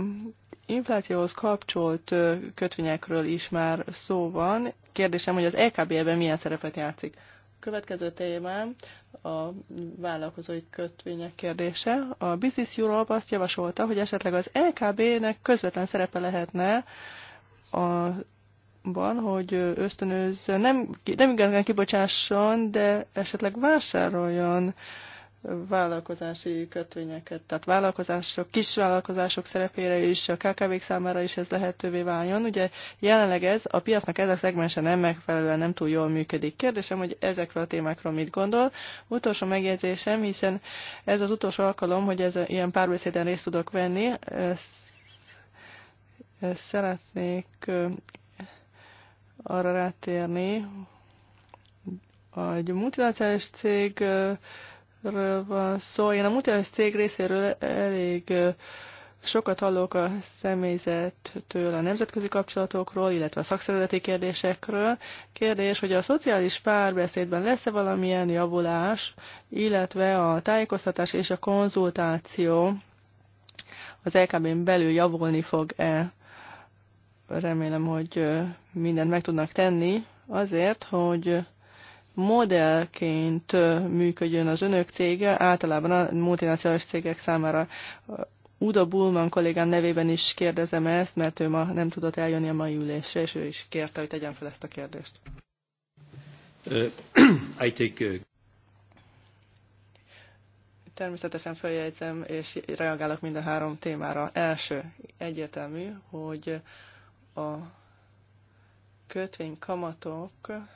inflációhoz kapcsolt kötvényekről is már szó van. Kérdésem, hogy az EKB-ben milyen szerepet játszik? Következő témám a vállalkozói kötvények kérdése. A Business Europe azt javasolta, hogy esetleg az LKB-nek közvetlen szerepe lehetne a van, hogy ösztönözze, nem, nem igazán kibocsásson, de esetleg vásároljon uh, vállalkozási kötvényeket, tehát vállalkozások, kisvállalkozások szerepére is, a KKV-k számára is ez lehetővé váljon. Ugye jelenleg ez a piacnak ez a szegmense nem megfelelően nem túl jól működik. Kérdésem, hogy ezekről a témákról mit gondol. Utolsó megjegyzésem, hiszen ez az utolsó alkalom, hogy ez ilyen párbeszéden részt tudok venni. Ezt, szeretnék arra rátérni, hogy a multinacionális cég ről van szó. Én a multilevel cég részéről elég sokat hallok a személyzettől a nemzetközi kapcsolatokról, illetve a szakszervezeti kérdésekről. Kérdés, hogy a szociális párbeszédben lesz-e valamilyen javulás, illetve a tájékoztatás és a konzultáció az LKB-n belül javulni fog-e? Remélem, hogy mindent meg tudnak tenni azért, hogy modellként működjön az önök cége, általában a multinacionális cégek számára. Uda Bulman kollégám nevében is kérdezem ezt, mert ő ma nem tudott eljönni a mai ülésre, és ő is kérte, hogy tegyem fel ezt a kérdést.
[CLEARS THROAT] I take
Természetesen feljegyzem, és reagálok mind a három témára. Első, egyértelmű, hogy a kötvénykamatok kamatok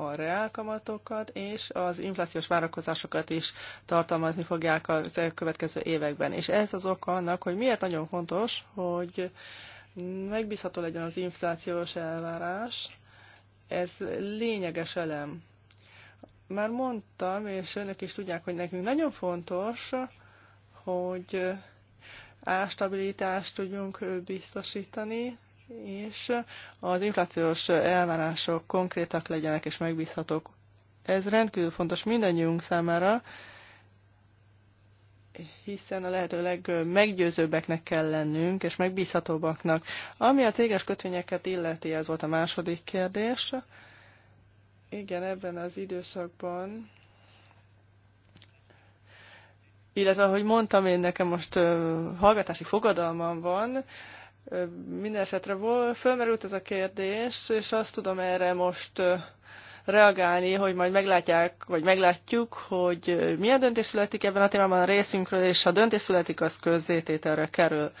a reálkamatokat és az inflációs várakozásokat is tartalmazni fogják a következő években. És ez az oka annak, hogy miért nagyon fontos, hogy megbízható legyen az inflációs elvárás. Ez lényeges elem. Már mondtam, és önök is tudják, hogy nekünk nagyon fontos, hogy ástabilitást tudjunk biztosítani, és az inflációs elvárások konkrétak legyenek és megbízhatók. Ez rendkívül fontos mindannyiunk számára, hiszen a lehető legmeggyőzőbbeknek kell lennünk, és megbízhatóbbaknak. Ami a téges kötvényeket illeti, ez volt a második kérdés. Igen, ebben az időszakban illetve ahogy mondtam, én nekem most hallgatási fogadalmam van, Mindenesetre fölmerült ez a kérdés, és azt tudom erre most reagálni, hogy majd meglátják, vagy meglátjuk, hogy milyen döntés születik ebben a témában a részünkről, és ha döntés születik, az közzétételre kerül.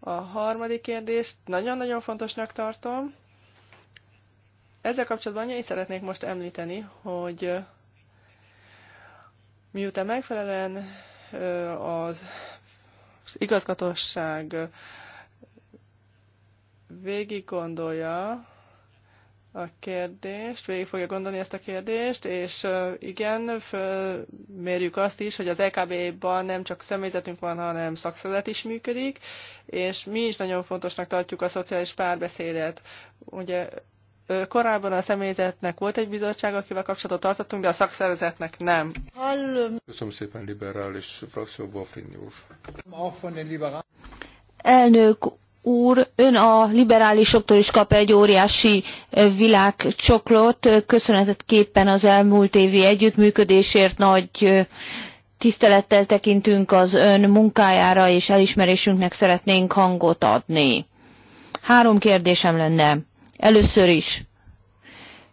A harmadik kérdést nagyon-nagyon fontosnak tartom. Ezzel kapcsolatban annyit szeretnék most említeni, hogy miután megfelelően az igazgatóság végig gondolja a kérdést, végig fogja gondolni ezt a kérdést, és igen, fölmérjük azt is, hogy az EKB-ban nem csak személyzetünk van, hanem szakszervezet is működik, és mi is nagyon fontosnak tartjuk a szociális párbeszédet. Ugye korábban a személyzetnek volt egy bizottság, akivel kapcsolatot tartottunk, de a szakszervezetnek nem.
Hallom.
Köszönöm szépen, liberális frakció Wolfin
Elnök úr, ön a liberálisoktól is kap egy óriási eh, világcsoklót, köszönetet képpen az elmúlt évi együttműködésért nagy eh, tisztelettel tekintünk az ön munkájára, és elismerésünknek szeretnénk hangot adni. Három kérdésem lenne. Először is.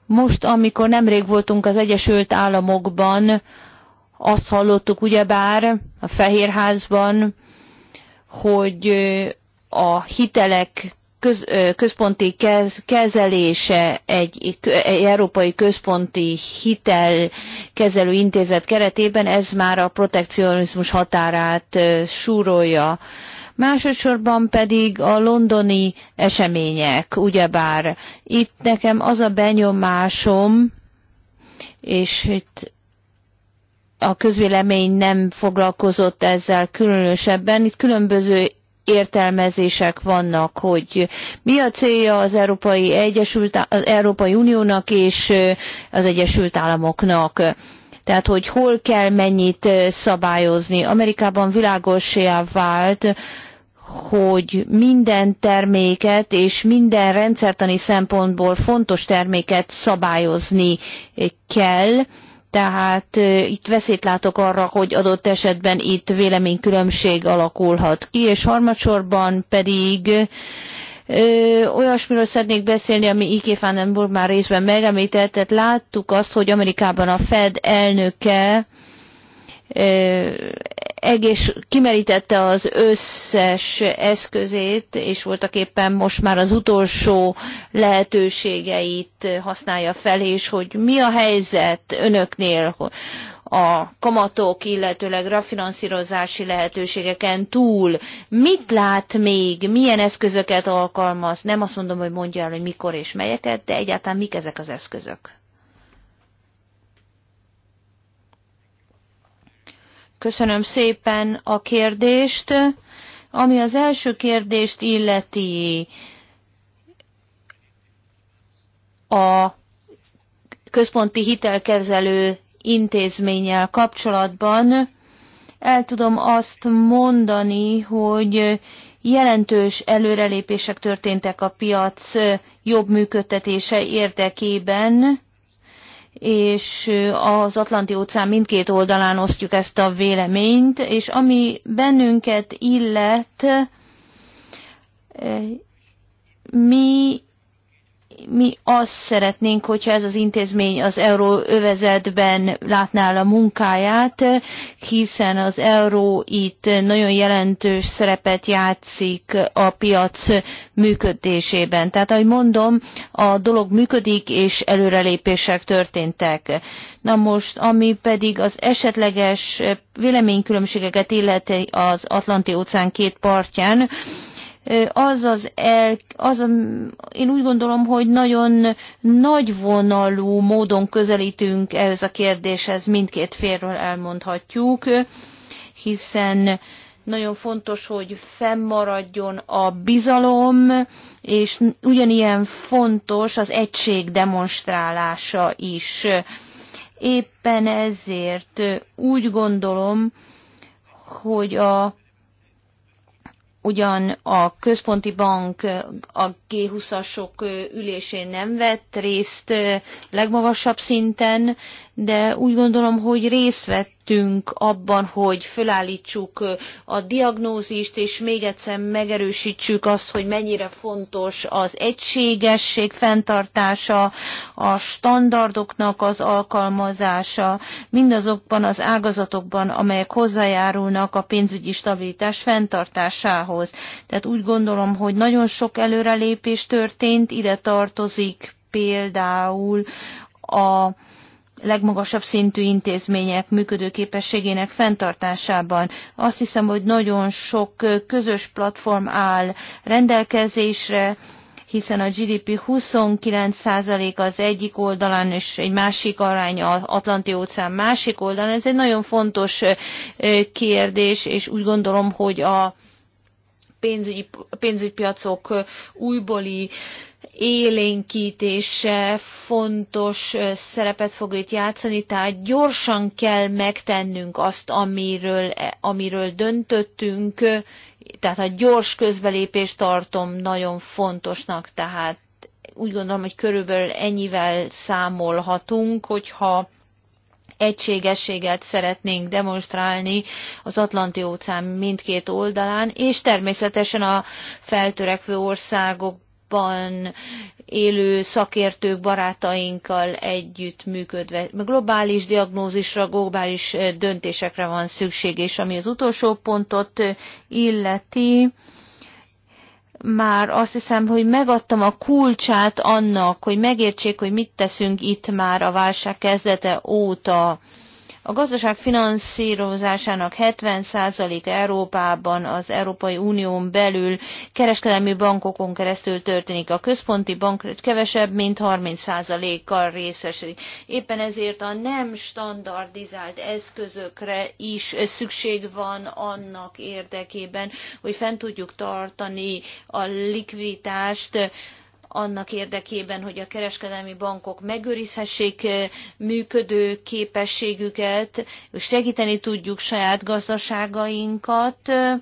Most, amikor nemrég voltunk az Egyesült Államokban, azt hallottuk ugyebár a Fehérházban, hogy eh, a hitelek köz, központi kez, kezelése egy, egy európai központi hitelkezelő intézet keretében, ez már a protekcionizmus határát súrolja. Másodszorban pedig a londoni események, ugyebár itt nekem az a benyomásom, és itt a közvélemény nem foglalkozott ezzel különösebben. Itt különböző értelmezések vannak, hogy mi a célja az Európai, Egyesült, az Európai Uniónak és az Egyesült Államoknak. Tehát, hogy hol kell mennyit szabályozni. Amerikában világosé vált, hogy minden terméket és minden rendszertani szempontból fontos terméket szabályozni kell, tehát itt veszélyt látok arra, hogy adott esetben itt véleménykülönbség alakulhat ki, és harmadsorban pedig ö, olyasmiről szeretnék beszélni, ami Ike Fannenburg már részben megemlített, tehát láttuk azt, hogy Amerikában a Fed elnöke ö, egész kimerítette az összes eszközét, és voltak éppen most már az utolsó lehetőségeit használja fel, és hogy mi a helyzet önöknél a kamatok, illetőleg rafinanszírozási lehetőségeken túl. Mit lát még, milyen eszközöket alkalmaz? Nem azt mondom, hogy mondja el, hogy mikor és melyeket, de egyáltalán mik ezek az eszközök? Köszönöm szépen a kérdést. Ami az első kérdést illeti, a központi hitelkezelő intézménnyel kapcsolatban el tudom azt mondani, hogy jelentős előrelépések történtek a piac jobb működtetése érdekében, és az Atlanti óceán mindkét oldalán osztjuk ezt a véleményt, és ami bennünket illet, mi mi azt szeretnénk, hogyha ez az intézmény az euróövezetben látná a munkáját, hiszen az euró itt nagyon jelentős szerepet játszik a piac működésében. Tehát, ahogy mondom, a dolog működik, és előrelépések történtek. Na most, ami pedig az esetleges véleménykülönbségeket illeti az Atlanti óceán két partján, az az, el, az a, én úgy gondolom, hogy nagyon nagyvonalú módon közelítünk ehhez a kérdéshez, mindkét félről elmondhatjuk, hiszen nagyon fontos, hogy fennmaradjon a bizalom, és ugyanilyen fontos az egység demonstrálása is. Éppen ezért úgy gondolom, hogy a ugyan a központi bank a G20-asok ülésén nem vett részt legmagasabb szinten, de úgy gondolom, hogy részt vettünk abban, hogy fölállítsuk a diagnózist, és még egyszer megerősítsük azt, hogy mennyire fontos az egységesség fenntartása, a standardoknak az alkalmazása, mindazokban az ágazatokban, amelyek hozzájárulnak a pénzügyi stabilitás fenntartásához. Tehát úgy gondolom, hogy nagyon sok előrelépés lépés történt, ide tartozik például a legmagasabb szintű intézmények működőképességének fenntartásában. Azt hiszem, hogy nagyon sok közös platform áll rendelkezésre, hiszen a GDP 29% az egyik oldalán, és egy másik arány az Atlanti óceán másik oldalán. Ez egy nagyon fontos kérdés, és úgy gondolom, hogy a pénzügyi, pénzügypiacok újbóli élénkítése fontos szerepet fog itt játszani, tehát gyorsan kell megtennünk azt, amiről, e, amiről döntöttünk, tehát a gyors közbelépést tartom nagyon fontosnak, tehát úgy gondolom, hogy körülbelül ennyivel számolhatunk, hogyha egységességet szeretnénk demonstrálni az Atlanti-óceán mindkét oldalán, és természetesen a feltörekvő országok élő szakértők, barátainkkal együtt működve. Globális diagnózisra, globális döntésekre van szükség, és ami az utolsó pontot illeti, már azt hiszem, hogy megadtam a kulcsát annak, hogy megértsék, hogy mit teszünk itt már a válság kezdete óta. A gazdaság finanszírozásának 70% Európában az Európai Unión belül kereskedelmi bankokon keresztül történik. A központi bank kevesebb, mint 30%-kal részesedik. Éppen ezért a nem standardizált eszközökre is szükség van annak érdekében, hogy fent tudjuk tartani a likviditást, annak érdekében, hogy a kereskedelmi bankok megőrizhessék eh, működő képességüket, és segíteni tudjuk saját gazdaságainkat, eh,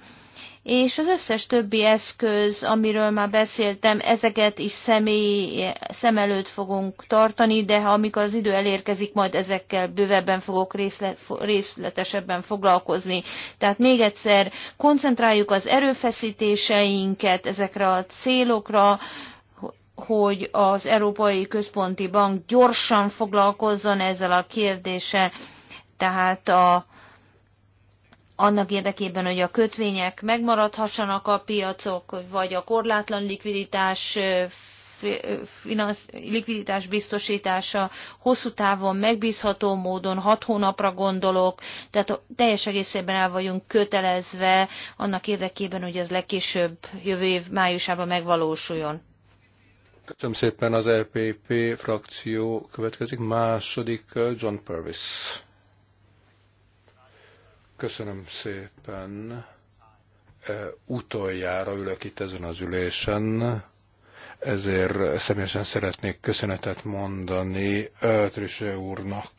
és az összes többi eszköz, amiről már beszéltem, ezeket is személy, szem előtt fogunk tartani, de ha amikor az idő elérkezik, majd ezekkel bővebben fogok részletesebben foglalkozni. Tehát még egyszer koncentráljuk az erőfeszítéseinket ezekre a célokra, hogy az Európai Központi Bank gyorsan foglalkozzon ezzel a kérdése, tehát a, annak érdekében, hogy a kötvények megmaradhassanak a piacok, vagy a korlátlan likviditás finansz, likviditás biztosítása hosszú távon megbízható módon, hat hónapra gondolok, tehát teljes egészében el vagyunk kötelezve annak érdekében, hogy ez legkésőbb jövő év májusában megvalósuljon.
Köszönöm szépen az EPP frakció következik. Második uh, John Purvis. Köszönöm szépen. Uh, utoljára ülök itt ezen az ülésen, ezért személyesen szeretnék köszönetet mondani uh, Trüse úrnak.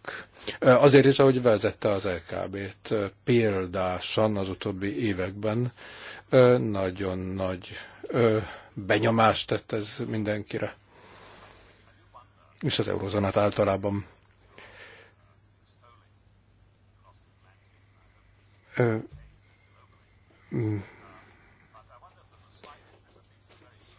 Azért is, ahogy vezette az LKB-t e példásan az utóbbi években, nagyon nagy benyomást tett ez mindenkire. És az eurozonát általában. Ö, mm.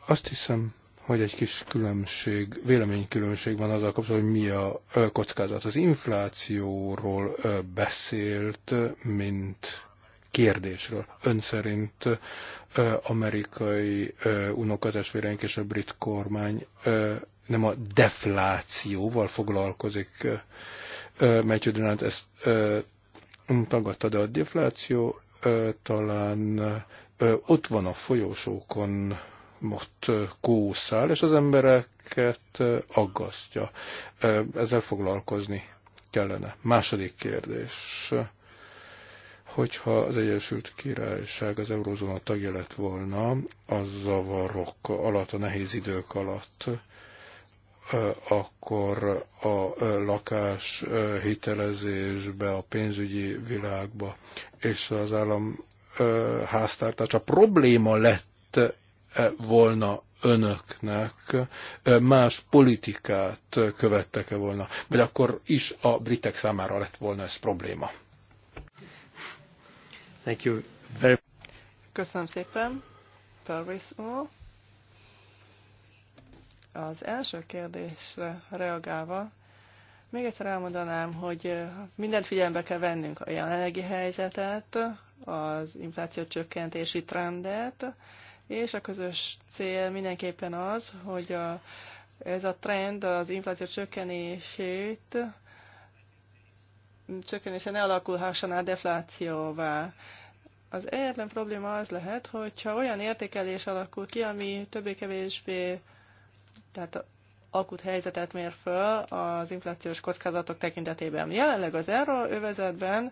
azt hiszem, hogy egy kis különbség, véleménykülönbség van azzal kapcsolatban, hogy mi a kockázat. Az inflációról beszélt, mint kérdésről. Ön szerint amerikai unokatestvéreink és a brit kormány nem a deflációval foglalkozik. Matthew Dunant ezt tagadta, de a defláció talán ott van a folyosókon ott kószál, és az embereket aggasztja. Ezzel foglalkozni kellene. Második kérdés hogyha az Egyesült Királyság az eurozóna tagja lett volna, a zavarok alatt, a nehéz idők alatt, akkor a lakás hitelezésbe, a pénzügyi világba és az állam háztartás a probléma lett volna önöknek, más politikát követtek-e volna, vagy akkor is a britek számára lett volna ez probléma. Thank you very
Köszönöm szépen, Pervis úr. Az első kérdésre reagálva, még egyszer elmondanám, hogy mindent figyelembe kell vennünk a jelenlegi helyzetet, az infláció csökkentési trendet, és a közös cél mindenképpen az, hogy a, ez a trend az infláció csökkenését csökkenése ne alakulhasson a deflációvá. Az egyetlen probléma az lehet, hogyha olyan értékelés alakul ki, ami többé-kevésbé, tehát akut helyzetet mér föl az inflációs kockázatok tekintetében. Jelenleg az erről övezetben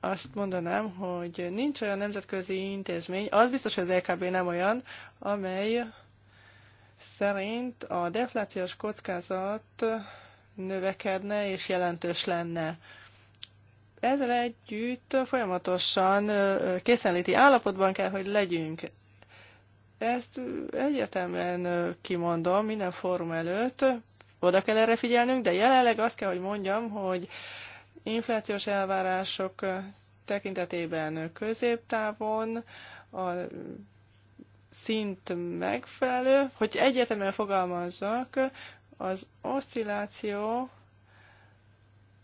azt mondanám, hogy nincs olyan nemzetközi intézmény, az biztos, hogy az LKB e nem olyan, amely szerint a deflációs kockázat növekedne és jelentős lenne. Ezzel együtt folyamatosan készenléti állapotban kell, hogy legyünk. Ezt egyértelműen kimondom minden fórum előtt, oda kell erre figyelnünk, de jelenleg azt kell, hogy mondjam, hogy inflációs elvárások tekintetében középtávon a szint megfelelő, hogy egyértelműen fogalmazzak, az oszcilláció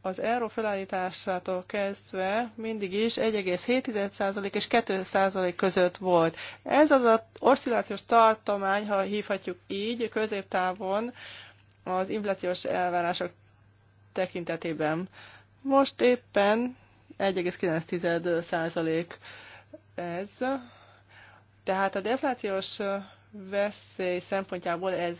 az euró felállításától kezdve mindig is 1,7% és 2% között volt. Ez az az oszcillációs tartomány, ha hívhatjuk így, középtávon az inflációs elvárások tekintetében. Most éppen 1,9% ez. Tehát a deflációs veszély szempontjából ez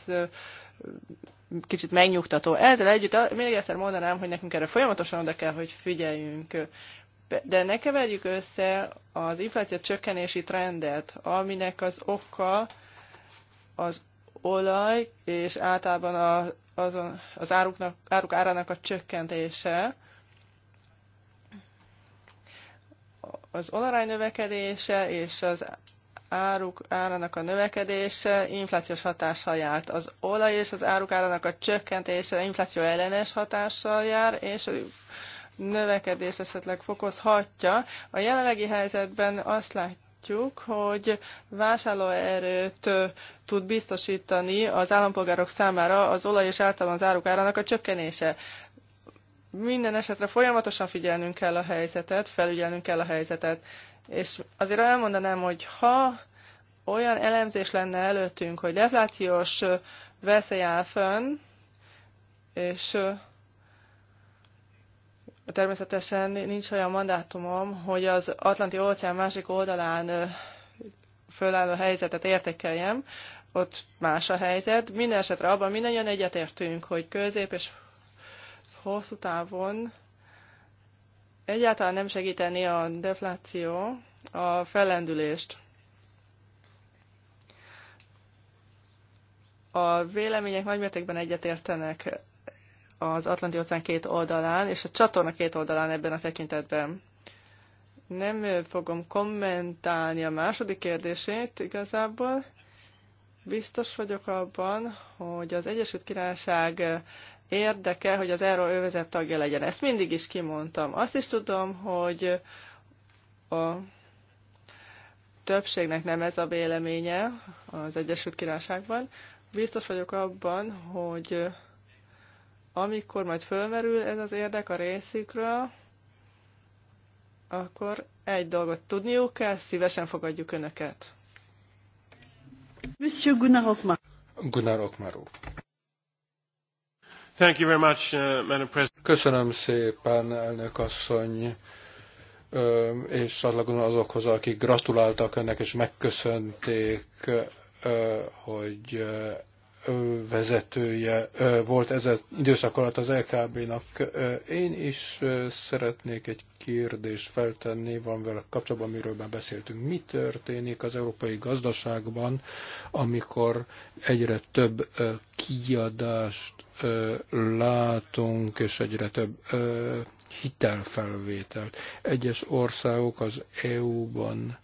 kicsit megnyugtató. Ezzel együtt még egyszer mondanám, hogy nekünk erre folyamatosan oda kell, hogy figyeljünk. De ne keverjük össze az infláció csökkenési trendet, aminek az oka az olaj és általában a, azon, az áruknak, áruk árának a csökkentése. Az olaj növekedése és az áruk árának a növekedése inflációs hatással járt. Az olaj és az áruk árának a csökkentése infláció ellenes hatással jár, és növekedés esetleg fokozhatja. A jelenlegi helyzetben azt látjuk, hogy vásárlóerőt tud biztosítani az állampolgárok számára az olaj és általában az áruk árának a csökkenése minden esetre folyamatosan figyelnünk kell a helyzetet, felügyelnünk kell a helyzetet. És azért elmondanám, hogy ha olyan elemzés lenne előttünk, hogy deflációs veszély áll fönn, és természetesen nincs olyan mandátumom, hogy az Atlanti óceán másik oldalán fölálló helyzetet értékeljem, ott más a helyzet. Minden esetre abban mindannyian egyetértünk, hogy közép és hosszú távon egyáltalán nem segíteni a defláció a fellendülést. A vélemények nagymértékben egyetértenek az Atlanti-óceán két oldalán, és a csatorna két oldalán ebben a tekintetben. Nem fogom kommentálni a második kérdését igazából. Biztos vagyok abban, hogy az Egyesült Királyság érdeke, hogy az övezet tagja legyen. Ezt mindig is kimondtam. Azt is tudom, hogy a többségnek nem ez a véleménye az Egyesült Királyságban. Biztos vagyok abban, hogy amikor majd fölmerül ez az érdek a részükről, akkor egy dolgot tudniuk kell, szívesen fogadjuk Önöket. Monsieur Gunnar Okmar.
Gunnar Okmar Uh, Köszönöm szépen, elnök asszony, és csatlakozom azokhoz, akik gratuláltak önnek, és megköszönték, hogy vezetője volt az időszak alatt az LKB-nak. E én is szeretnék egy kérdést feltenni valamivel kapcsolatban, miről már beszéltünk. Mi történik az európai gazdaságban, amikor egyre több kiadást látunk, és egyre több hitelfelvételt. Egyes országok az EU-ban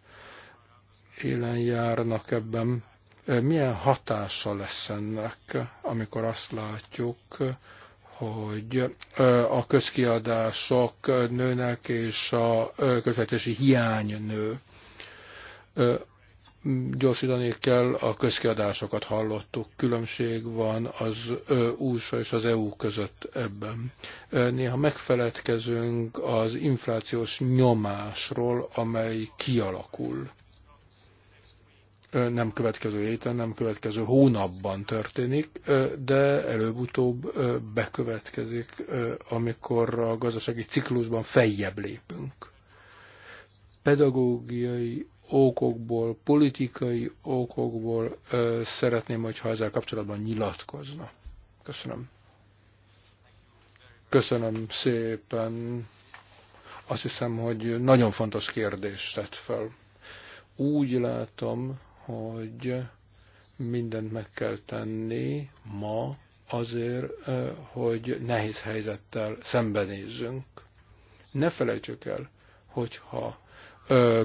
élen járnak ebben, milyen hatása lesz ennek, amikor azt látjuk, hogy a közkiadások nőnek, és a közvetési hiány nő. Gyorsítani kell a közkiadásokat, hallottuk. Különbség van az USA és az EU között ebben. Néha megfeledkezünk az inflációs nyomásról, amely kialakul nem következő héten, nem következő hónapban történik, de előbb-utóbb bekövetkezik, amikor a gazdasági ciklusban feljebb lépünk. Pedagógiai okokból, politikai okokból szeretném, hogyha ezzel kapcsolatban nyilatkozna. Köszönöm. Köszönöm szépen. Azt hiszem, hogy nagyon fontos kérdést tett fel. Úgy látom, hogy mindent meg kell tenni ma azért, hogy nehéz helyzettel szembenézzünk. Ne felejtsük el, hogyha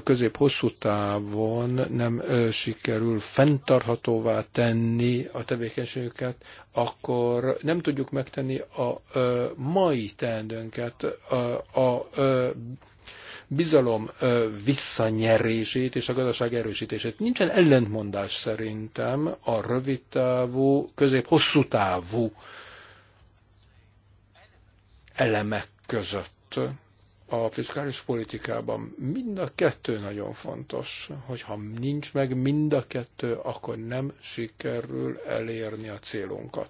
közép-hosszú távon nem sikerül fenntarthatóvá tenni a tevékenységüket, akkor nem tudjuk megtenni a mai teendőnket a bizalom visszanyerését és a gazdaság erősítését. Nincsen ellentmondás szerintem a rövid távú, közép-hosszú távú elemek között a fiskális politikában. Mind a kettő nagyon fontos, hogyha nincs meg mind a kettő, akkor nem sikerül elérni a célunkat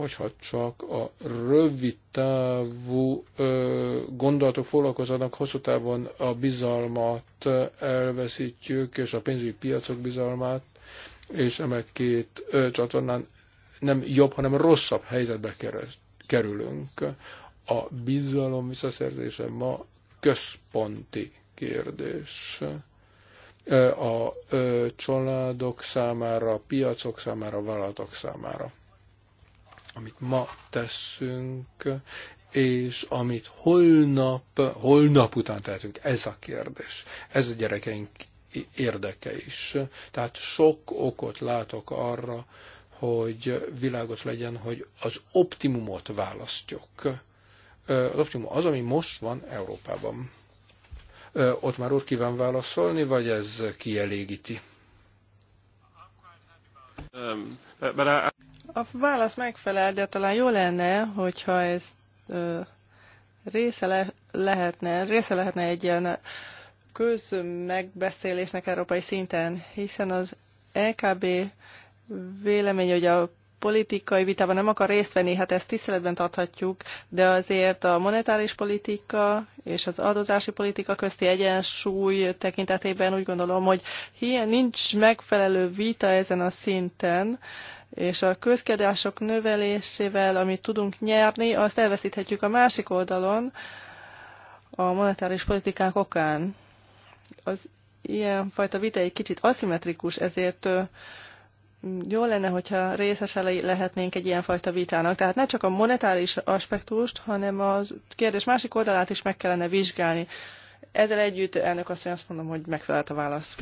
hogyha csak a rövid távú ö, gondolatok foglalkozanak, hosszú távon a bizalmat elveszítjük, és a pénzügyi piacok bizalmát, és emek két ö, csatornán nem jobb, hanem rosszabb helyzetbe kerülünk. A bizalom visszaszerzése ma központi kérdés a családok számára, a piacok számára, a vállalatok számára amit ma teszünk, és amit holnap, holnap után tehetünk, ez a kérdés. Ez a gyerekeink érdeke is. Tehát sok okot látok arra, hogy világos legyen, hogy az optimumot választjuk. Az optimum az, ami most van Európában. Ott már úr kíván válaszolni, vagy ez kielégíti?
Um,
a válasz megfelel, de talán jó lenne, hogyha ez ö, része le, lehetne, része lehetne egy ilyen közmegbeszélésnek európai szinten, hiszen az LKB e vélemény, hogy a politikai vitában nem akar részt venni, hát ezt tiszteletben tarthatjuk, de azért a monetáris politika és az adózási politika közti egyensúly tekintetében úgy gondolom, hogy hiány nincs megfelelő vita ezen a szinten, és a közkedások növelésével, amit tudunk nyerni, azt elveszíthetjük a másik oldalon, a monetáris politikák okán. Az ilyenfajta vita egy kicsit aszimmetrikus, ezért jó lenne, hogyha részesei lehetnénk egy ilyenfajta vitának. Tehát ne csak a monetáris aspektust, hanem a kérdés másik oldalát is meg kellene vizsgálni. Ezzel együtt elnök azt mondom, hogy megfelelt a válasz.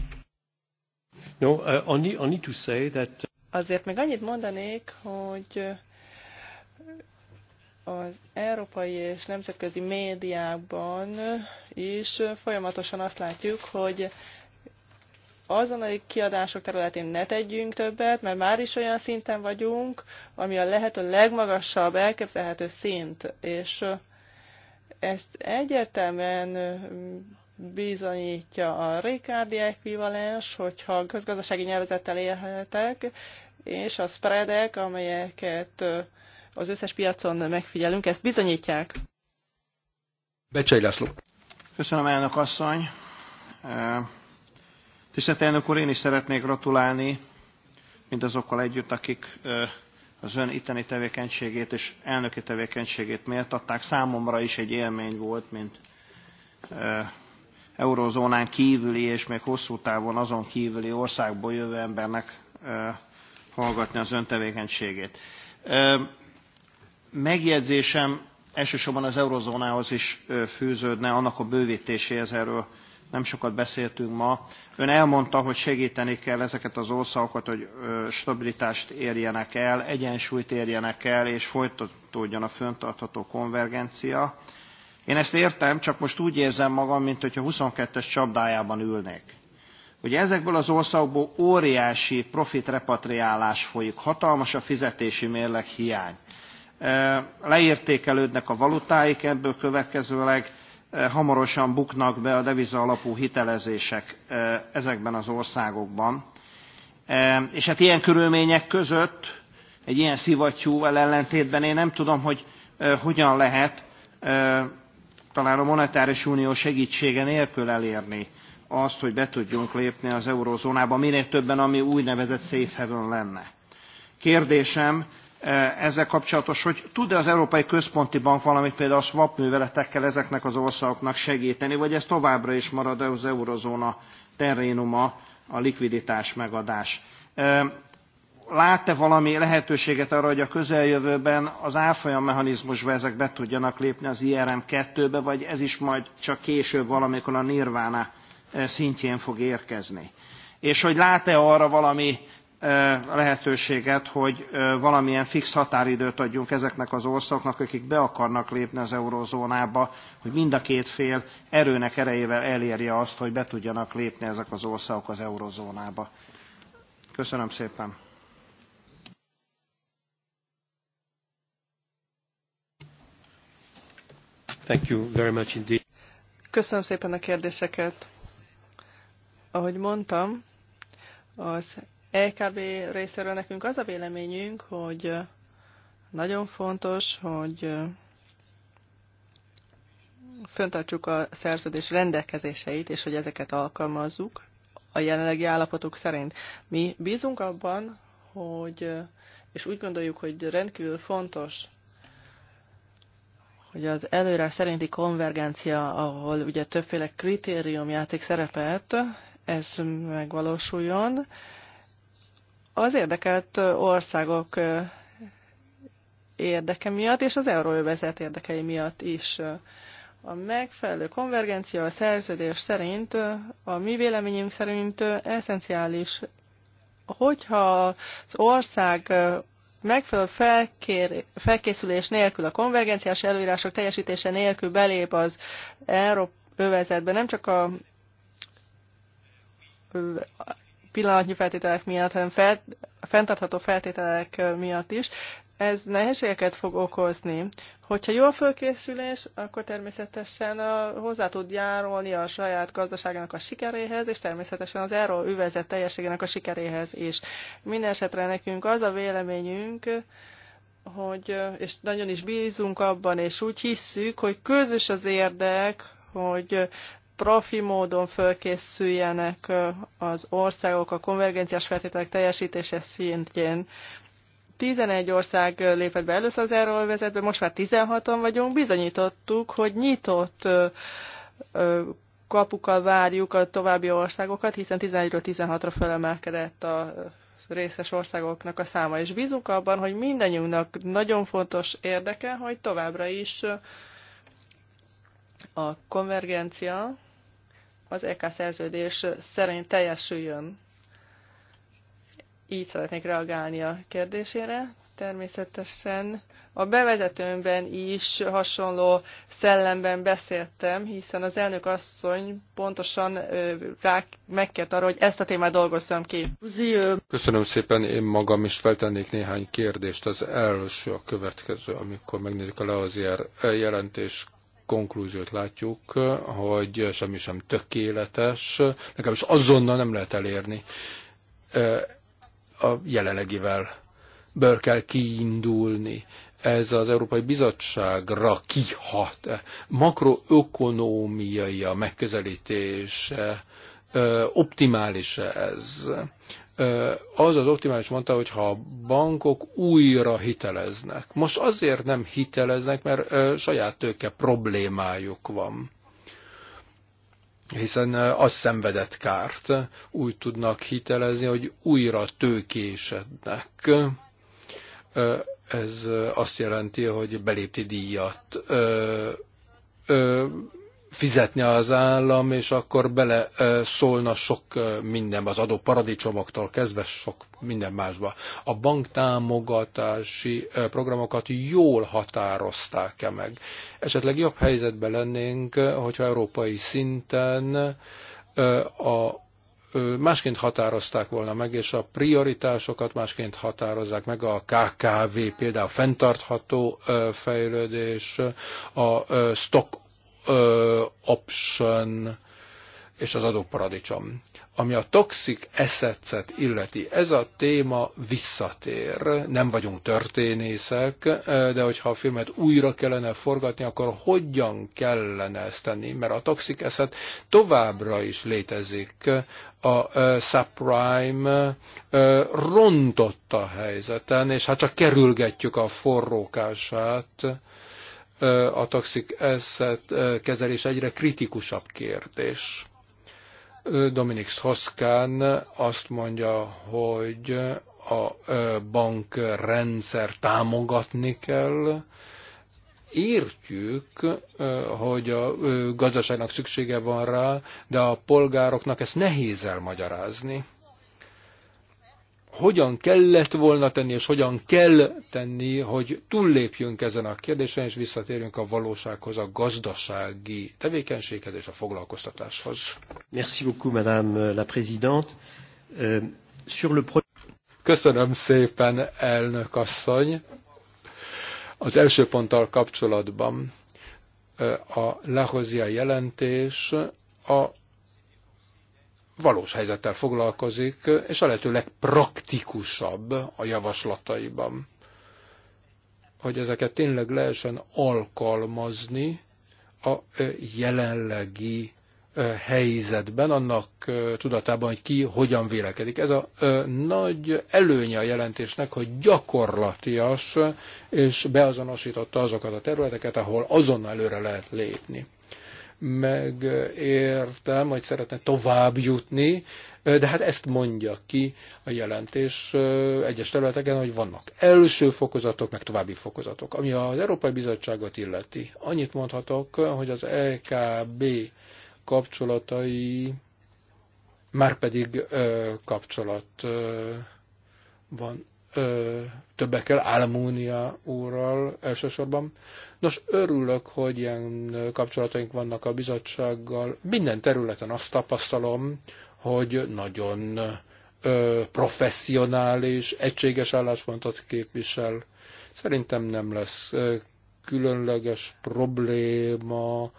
No, uh, only, only to say that...
Azért még annyit mondanék, hogy az európai és nemzetközi médiában is folyamatosan azt látjuk, hogy azonnali kiadások területén ne tegyünk többet, mert már is olyan szinten vagyunk, ami a lehető legmagasabb elképzelhető szint, és ezt egyértelműen bizonyítja a Ricardi ekvivalens, hogyha közgazdasági nyelvezettel élhetek, és a spreadek, amelyeket az összes piacon megfigyelünk, ezt bizonyítják.
Becsei László.
Köszönöm, elnök asszony. Tisztelt elnök úr, én is szeretnék gratulálni mindazokkal együtt, akik az ön itteni tevékenységét és elnöki tevékenységét méltatták. Számomra is egy élmény volt, mint eurozónán kívüli és még hosszú távon azon kívüli országból jövő embernek hallgatni az tevékenységét. Megjegyzésem elsősorban az eurozónához is fűződne, annak a bővítéséhez erről nem sokat beszéltünk ma. Ön elmondta, hogy segíteni kell ezeket az országokat, hogy stabilitást érjenek el, egyensúlyt érjenek el, és folytatódjon a föntartható konvergencia. Én ezt értem, csak most úgy érzem magam, mint hogyha 22-es csapdájában ülnék. Ugye ezekből az országokból óriási profit repatriálás folyik, hatalmas a fizetési mérleg hiány. Leértékelődnek a valutáik, ebből következőleg hamarosan buknak be a deviza alapú hitelezések ezekben az országokban. És hát ilyen körülmények között, egy ilyen szivattyúval ellentétben én nem tudom, hogy hogyan lehet talán a monetáris unió segítsége nélkül elérni azt, hogy be tudjunk lépni az eurozónába, minél többen, ami úgynevezett safe haven lenne. Kérdésem e, ezzel kapcsolatos, hogy tud-e az Európai Központi Bank valamit például a swap műveletekkel ezeknek az országoknak segíteni, vagy ez továbbra is marad az eurozóna terénuma, a likviditás megadás. E, lát-e valami lehetőséget arra, hogy a közeljövőben az árfolyam mechanizmusba ezek be tudjanak lépni az IRM2-be, vagy ez is majd csak később valamikor a nirvána eh, szintjén fog érkezni. És hogy lát-e arra valami eh, lehetőséget, hogy eh, valamilyen fix határidőt adjunk ezeknek az országoknak, akik be akarnak lépni az eurozónába, hogy mind a két fél erőnek erejével elérje azt, hogy be tudjanak lépni ezek az országok az eurozónába. Köszönöm szépen!
Thank you very much indeed.
Köszönöm szépen a kérdéseket. Ahogy mondtam, az EKB részéről nekünk az a véleményünk, hogy nagyon fontos, hogy föntartsuk a szerződés rendelkezéseit, és hogy ezeket alkalmazzuk a jelenlegi állapotok szerint. Mi bízunk abban, hogy, és úgy gondoljuk, hogy rendkívül fontos hogy az előre szerinti konvergencia, ahol ugye többféle kritériumjáték szerepelt, ez megvalósuljon. Az érdekelt országok érdeke miatt, és az euróövezet érdekei miatt is. A megfelelő konvergencia a szerződés szerint, a mi véleményünk szerint eszenciális hogyha az ország megfelelő felkér, felkészülés nélkül, a konvergenciás előírások teljesítése nélkül belép az Európa övezetbe, nem csak a pillanatnyi feltételek miatt, hanem fel, fenntartható feltételek miatt is, ez nehézségeket fog okozni. Hogyha jó a fölkészülés, akkor természetesen hozzá tud járulni a saját gazdaságának a sikeréhez, és természetesen az erről üvezet teljességének a sikeréhez is. Minden esetre nekünk az a véleményünk, hogy, és nagyon is bízunk abban, és úgy hisszük, hogy közös az érdek, hogy profi módon fölkészüljenek az országok a konvergenciás feltételek teljesítése szintjén 11 ország lépett be először az erővezetbe, most már 16-on vagyunk, bizonyítottuk, hogy nyitott kapukkal várjuk a további országokat, hiszen 11-ről 16-ra fölemelkedett a részes országoknak a száma, és bízunk abban, hogy mindannyiunknak nagyon fontos érdeke, hogy továbbra is a konvergencia az EK szerződés szerint teljesüljön így szeretnék reagálni a kérdésére. Természetesen a bevezetőmben is hasonló szellemben beszéltem, hiszen az elnök asszony pontosan rá megkért arra, hogy ezt a témát dolgozzam ki.
Köszönöm szépen, én magam is feltennék néhány kérdést. Az első a következő, amikor megnézzük a Leozier jelentés konklúziót látjuk, hogy semmi sem tökéletes, legalábbis azonnal nem lehet elérni a jelenlegivel ből kell kiindulni. Ez az Európai Bizottságra kihat. Makroökonómiai a megközelítés, optimális ez. Az az optimális mondta, hogy ha a bankok újra hiteleznek. Most azért nem hiteleznek, mert saját tőke problémájuk van hiszen az szenvedett kárt úgy tudnak hitelezni, hogy újra tőkésednek. Ez azt jelenti, hogy belépti díjat fizetni az állam, és akkor bele szólna sok minden, az adó paradicsomoktól kezdve sok minden másba. A banktámogatási programokat jól határozták-e meg? Esetleg jobb helyzetben lennénk, hogyha európai szinten a másként határozták volna meg, és a prioritásokat másként határozzák meg a KKV, például fenntartható fejlődés, a stock option és az adóparadicsom. Ami a toxic assets illeti, ez a téma visszatér. Nem vagyunk történészek, de hogyha a filmet újra kellene forgatni, akkor hogyan kellene ezt tenni? Mert a toxic asset továbbra is létezik. A subprime rontott a helyzeten, és hát csak kerülgetjük a forrókását a toxic asset kezelés egyre kritikusabb kérdés. Dominik Hoszkán azt mondja, hogy a bankrendszer támogatni kell, értjük, hogy a gazdaságnak szüksége van rá, de a polgároknak ezt nehéz elmagyarázni hogyan kellett volna tenni, és hogyan kell tenni, hogy túllépjünk ezen a kérdésen, és visszatérjünk a valósághoz, a gazdasági tevékenységhez és a foglalkoztatáshoz. Merci beaucoup, Madame la Présidente. Euh, sur le pro... Köszönöm szépen, elnök asszony. Az első ponttal kapcsolatban a Lahozia jelentés a valós helyzettel foglalkozik, és a lehető legpraktikusabb a javaslataiban. Hogy ezeket tényleg lehessen alkalmazni a jelenlegi helyzetben, annak tudatában, hogy ki hogyan vélekedik. Ez a nagy előnye a jelentésnek, hogy gyakorlatias és beazonosította azokat a területeket, ahol azonnal előre lehet lépni megértem, hogy szeretne tovább jutni, de hát ezt mondja ki a jelentés egyes területeken, hogy vannak első fokozatok, meg további fokozatok. Ami az Európai Bizottságot illeti, annyit mondhatok, hogy az EKB kapcsolatai már pedig kapcsolat van ö, többekkel, Álmónia úrral elsősorban. Nos, örülök, hogy ilyen kapcsolataink vannak a bizottsággal. Minden területen azt tapasztalom, hogy nagyon ö, professzionális, egységes álláspontot képvisel. Szerintem nem lesz ö, különleges probléma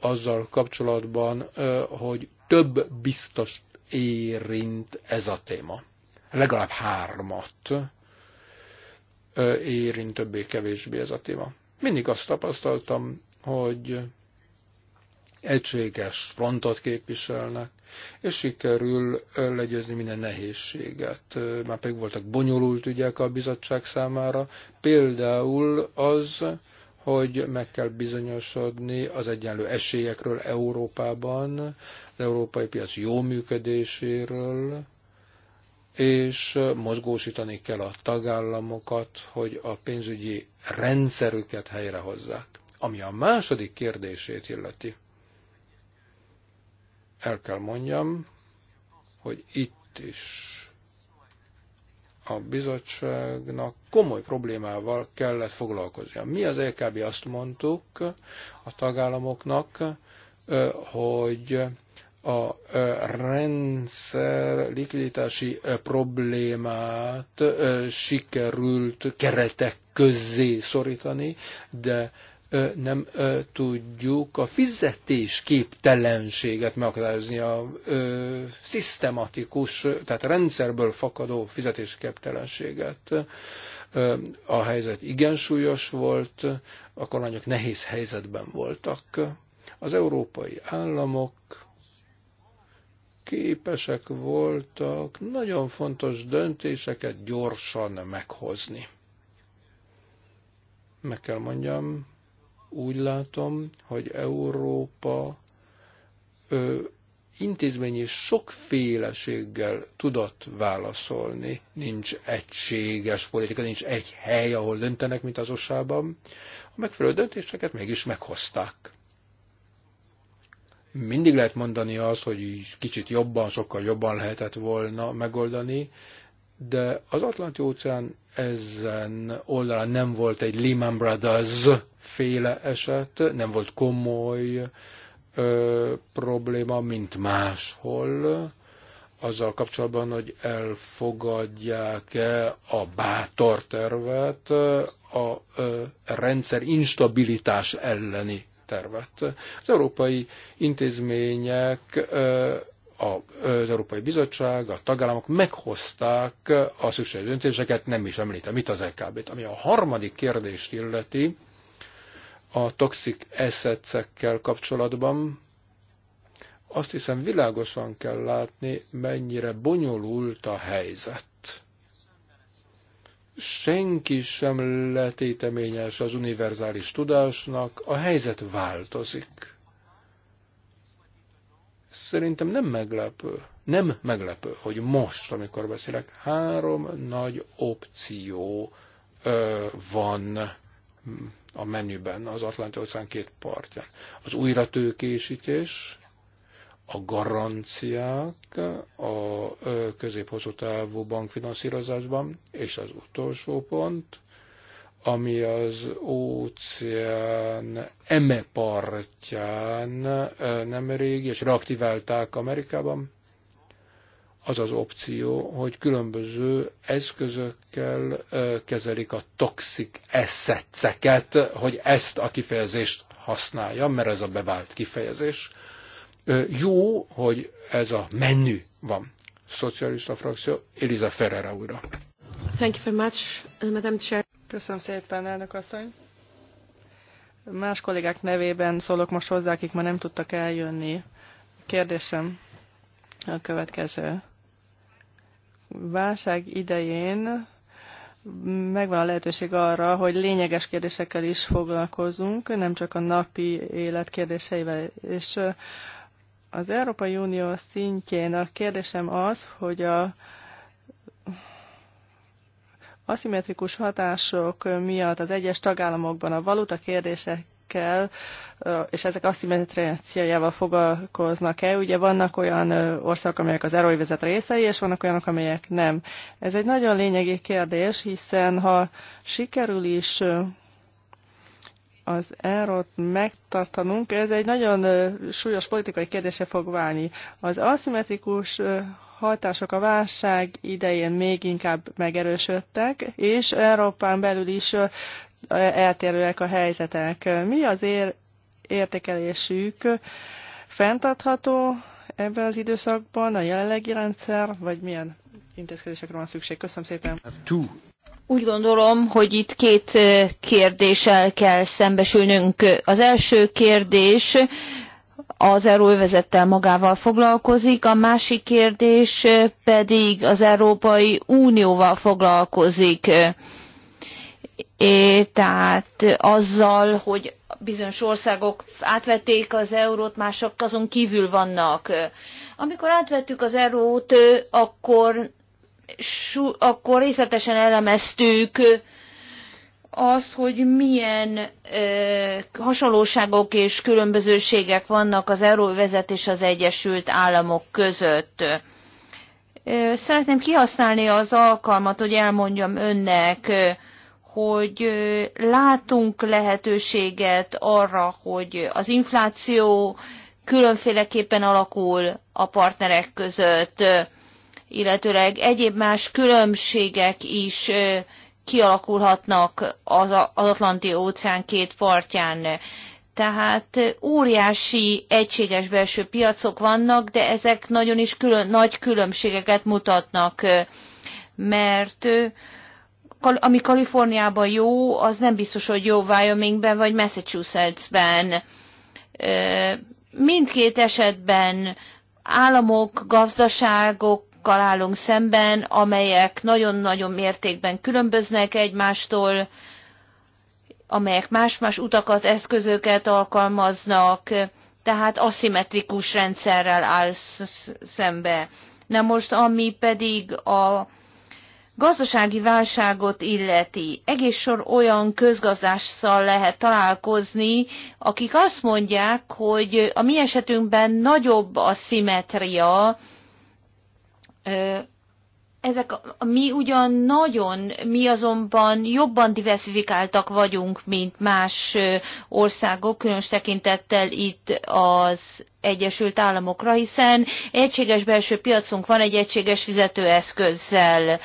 azzal kapcsolatban, ö, hogy több biztos érint ez a téma legalább hármat érint többé-kevésbé ez a téma. Mindig azt tapasztaltam, hogy egységes frontot képviselnek, és sikerül legyőzni minden nehézséget. Már pedig voltak bonyolult ügyek a bizottság számára, például az, hogy meg kell bizonyosodni az egyenlő esélyekről Európában, az európai piac jó működéséről, és mozgósítani kell a tagállamokat, hogy a pénzügyi rendszerüket helyrehozzák. Ami a második kérdését illeti, el kell mondjam, hogy itt is a bizottságnak komoly problémával kellett foglalkoznia. Mi az LKB azt mondtuk a tagállamoknak, hogy a rendszer likviditási problémát sikerült keretek közé szorítani, de nem tudjuk a fizetés képtelenséget megakadályozni, a szisztematikus, tehát rendszerből fakadó fizetés képtelenséget. A helyzet igen súlyos volt, a kormányok nehéz helyzetben voltak. Az európai államok képesek voltak nagyon fontos döntéseket gyorsan meghozni. Meg kell mondjam, úgy látom, hogy Európa ö, intézményi sokféleséggel tudott válaszolni. Nincs egységes politika, nincs egy hely, ahol döntenek, mint az USA-ban. A megfelelő döntéseket mégis meghozták. Mindig lehet mondani azt, hogy kicsit jobban, sokkal jobban lehetett volna megoldani, de az Atlanti óceán ezen oldalán nem volt egy Lehman Brothers féle eset, nem volt komoly ö, probléma, mint máshol, azzal kapcsolatban, hogy elfogadják-e a bátor tervet a ö, rendszer instabilitás elleni tervet. Az európai intézmények az Európai Bizottság, a tagállamok meghozták a szükséges döntéseket, nem is említem itt az LKB-t. E Ami a harmadik kérdést illeti, a toxic assets kapcsolatban, azt hiszem világosan kell látni, mennyire bonyolult a helyzet senki sem letéteményes az univerzális tudásnak, a helyzet változik. Szerintem nem meglepő, nem meglepő, hogy most, amikor beszélek, három nagy opció ö, van a menüben az Atlanti-óceán két partján. Az újratőkésítés, a garanciák a középhosszú távú bankfinanszírozásban, és az utolsó pont, ami az óceán eme partján nem rég, és reaktiválták Amerikában, az az opció, hogy különböző eszközökkel kezelik a toxic assetceket, hogy ezt a kifejezést használja, mert ez a bevált kifejezés, jó, hogy ez a menü van. Szocialista frakció, Eliza Ferrera újra.
Thank you very much, uh, Madam Chair. Köszönöm szépen, elnök asszony. Más kollégák nevében szólok most hozzá, akik ma nem tudtak eljönni. Kérdésem a következő. Válság idején megvan a lehetőség arra, hogy lényeges kérdésekkel is foglalkozunk, nem csak a napi élet kérdéseivel. És az Európai Unió szintjén a kérdésem az, hogy a aszimmetrikus hatások miatt az egyes tagállamokban a valuta kérdésekkel és ezek aszimmetriájával foglalkoznak-e. Ugye vannak olyan országok, amelyek az vezet részei, és vannak olyanok, amelyek nem. Ez egy nagyon lényegi kérdés, hiszen ha sikerül is az erot megtartanunk, ez egy nagyon súlyos politikai kérdése fog válni. Az aszimmetrikus hatások a válság idején még inkább megerősödtek, és Európán belül is eltérőek a helyzetek. Mi az ér értékelésük? Fenntartható ebben az időszakban a jelenlegi rendszer, vagy milyen intézkedésekre van szükség? Köszönöm szépen. Two.
Úgy gondolom, hogy itt két kérdéssel kell szembesülnünk. Az első kérdés az euróövezettel magával foglalkozik, a másik kérdés pedig az Európai Unióval foglalkozik. É, tehát azzal, hogy bizonyos országok átvették az eurót, mások azon kívül vannak. Amikor átvettük az eurót, akkor akkor részletesen elemeztük azt, hogy milyen ö, hasonlóságok és különbözőségek vannak az euróvezet és az Egyesült Államok között. Ö, szeretném kihasználni az alkalmat, hogy elmondjam önnek, hogy látunk lehetőséget arra, hogy az infláció különféleképpen alakul a partnerek között. Ö, illetőleg egyéb más különbségek is kialakulhatnak az Atlanti óceán két partján. Tehát óriási egységes belső piacok vannak, de ezek nagyon is külön, nagy különbségeket mutatnak, mert ami Kaliforniában jó, az nem biztos, hogy jó Wyomingben vagy Massachusettsben. Mindkét esetben államok, gazdaságok problémákkal állunk szemben, amelyek nagyon-nagyon mértékben különböznek egymástól, amelyek más-más utakat, eszközöket alkalmaznak, tehát aszimmetrikus rendszerrel áll szembe. Na most, ami pedig a gazdasági válságot illeti. Egész sor olyan közgazdásszal lehet találkozni, akik azt mondják, hogy a mi esetünkben nagyobb a szimetria, ezek a, mi ugyan nagyon, mi azonban jobban diversifikáltak vagyunk, mint más országok, különös tekintettel itt az Egyesült Államokra, hiszen egységes belső piacunk van egy egységes fizetőeszközzel.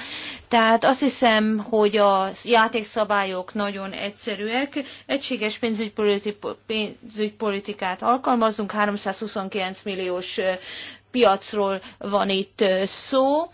Tehát azt hiszem, hogy a játékszabályok nagyon egyszerűek. Egységes pénzügypolitikát alkalmazunk, 329 milliós piacról van itt szó,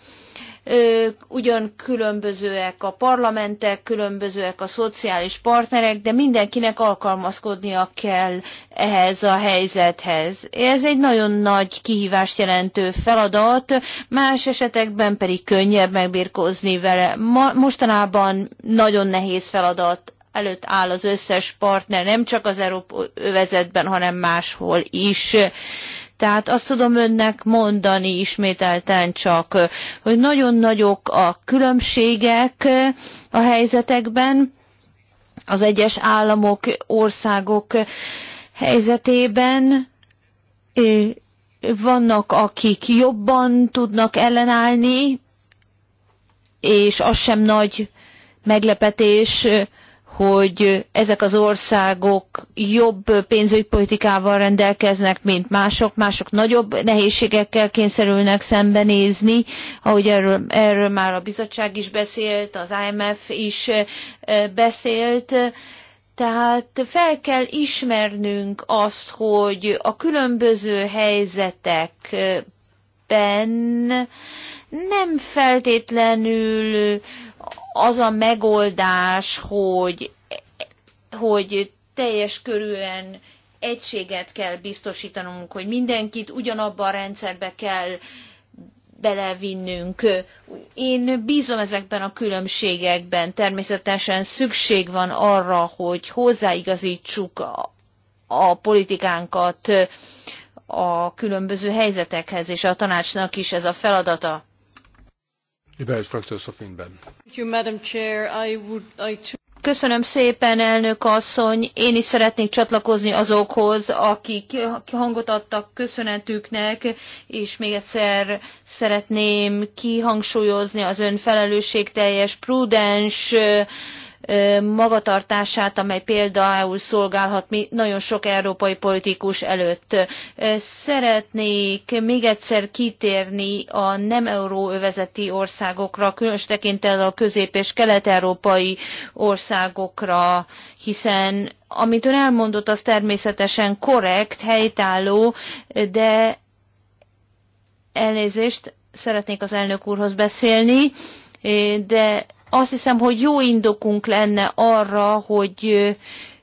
ugyan különbözőek a parlamentek, különbözőek a szociális partnerek, de mindenkinek alkalmazkodnia kell ehhez a helyzethez. Ez egy nagyon nagy kihívást jelentő feladat, más esetekben pedig könnyebb megbírkozni vele. mostanában nagyon nehéz feladat előtt áll az összes partner, nem csak az Európa övezetben, hanem máshol is. Tehát azt tudom önnek mondani ismételten csak, hogy nagyon nagyok a különbségek a helyzetekben, az egyes államok, országok helyzetében, vannak, akik jobban tudnak ellenállni, és az sem nagy meglepetés, hogy ezek az országok jobb pénzügypolitikával rendelkeznek, mint mások, mások nagyobb nehézségekkel kényszerülnek szembenézni, ahogy erről, erről már a bizottság is beszélt, az IMF is eh, beszélt. Tehát fel kell ismernünk azt, hogy a különböző helyzetekben nem feltétlenül az a megoldás, hogy, hogy teljes körűen egységet kell biztosítanunk, hogy mindenkit ugyanabba a rendszerbe kell belevinnünk. Én bízom ezekben a különbségekben. Természetesen szükség van arra, hogy hozzáigazítsuk a, a politikánkat a különböző helyzetekhez, és a tanácsnak is ez a feladata. Köszönöm szépen, elnök asszony. Én is szeretnék csatlakozni azokhoz, akik hangot adtak köszönetüknek, és még egyszer szeretném kihangsúlyozni az ön felelősségteljes, prudens magatartását, amely például szolgálhat mi nagyon sok európai politikus előtt. Szeretnék még egyszer kitérni a nem euróövezeti országokra, különös tekintettel a közép- és kelet-európai országokra, hiszen amit ön elmondott, az természetesen korrekt, helytálló, de elnézést, szeretnék az elnök úrhoz beszélni, de azt hiszem, hogy jó indokunk lenne arra, hogy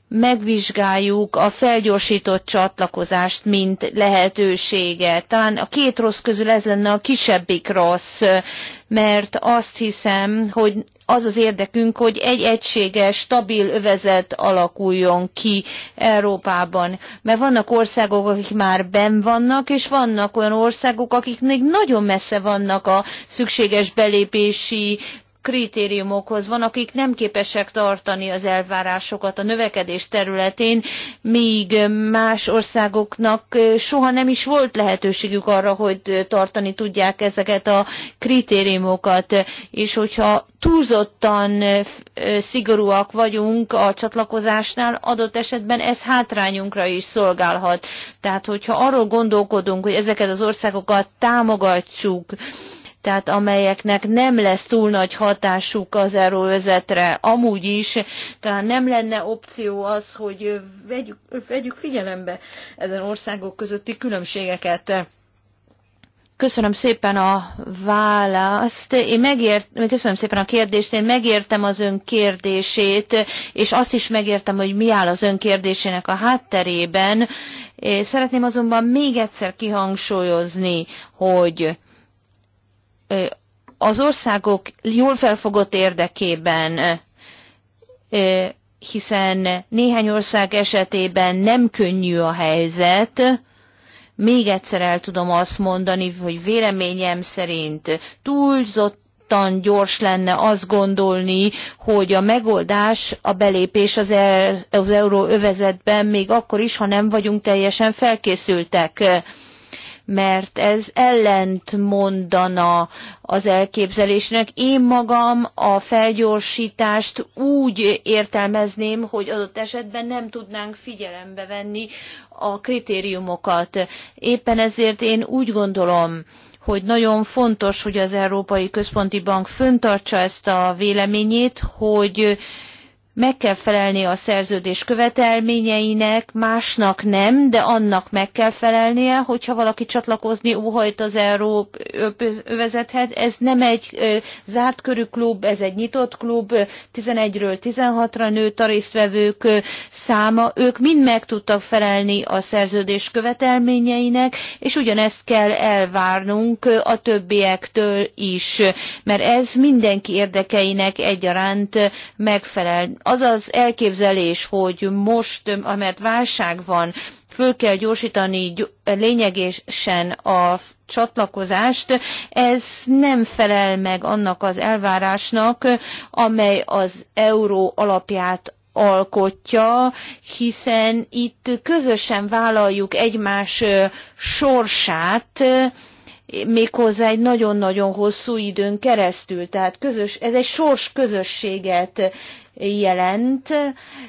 megvizsgáljuk a felgyorsított csatlakozást, mint lehetőséget. Talán a két rossz közül ez lenne a kisebbik rossz, mert azt hiszem, hogy az az érdekünk, hogy egy egységes, stabil övezet alakuljon ki Európában. Mert vannak országok, akik már ben vannak, és vannak olyan országok, akik még nagyon messze vannak a szükséges belépési kritériumokhoz van, akik nem képesek tartani az elvárásokat a növekedés területén, míg más országoknak soha nem is volt lehetőségük arra, hogy tartani tudják ezeket a kritériumokat, és hogyha túlzottan szigorúak vagyunk a csatlakozásnál, adott esetben ez hátrányunkra is szolgálhat. Tehát, hogyha arról gondolkodunk, hogy ezeket az országokat támogatjuk, tehát amelyeknek nem lesz túl nagy hatásuk az erőzetre, Amúgy is talán nem lenne opció az, hogy vegyük, vegyük figyelembe ezen országok közötti különbségeket. Köszönöm szépen a választ. Én megért, köszönöm szépen a kérdést. Én megértem az ön kérdését, és azt is megértem, hogy mi áll az ön kérdésének a hátterében. Szeretném azonban még egyszer kihangsúlyozni, hogy az országok jól felfogott érdekében, hiszen néhány ország esetében nem könnyű a helyzet, még egyszer el tudom azt mondani, hogy véleményem szerint túlzott gyors lenne azt gondolni, hogy a megoldás, a belépés az, er, az euróövezetben még akkor is, ha nem vagyunk teljesen felkészültek mert ez ellent mondana az elképzelésnek. Én magam a felgyorsítást úgy értelmezném, hogy adott esetben nem tudnánk figyelembe venni a kritériumokat. Éppen ezért én úgy gondolom, hogy nagyon fontos, hogy az Európai Központi Bank föntartsa ezt a véleményét, hogy meg kell felelni a szerződés követelményeinek, másnak nem, de annak meg kell felelnie, hogyha valaki csatlakozni óhajt az Európövezethez. Ez nem egy ö, zárt körű klub, ez egy nyitott klub, 11-ről 16-ra nőtt a résztvevők ö, száma, ők mind meg tudtak felelni a szerződés követelményeinek, és ugyanezt kell elvárnunk a többiektől is, mert ez mindenki érdekeinek egyaránt megfelel az az elképzelés, hogy most, mert válság van, föl kell gyorsítani lényegesen a csatlakozást, ez nem felel meg annak az elvárásnak, amely az euró alapját alkotja, hiszen itt közösen vállaljuk egymás sorsát, méghozzá egy nagyon-nagyon hosszú időn keresztül. Tehát közös, ez egy sors közösséget jelent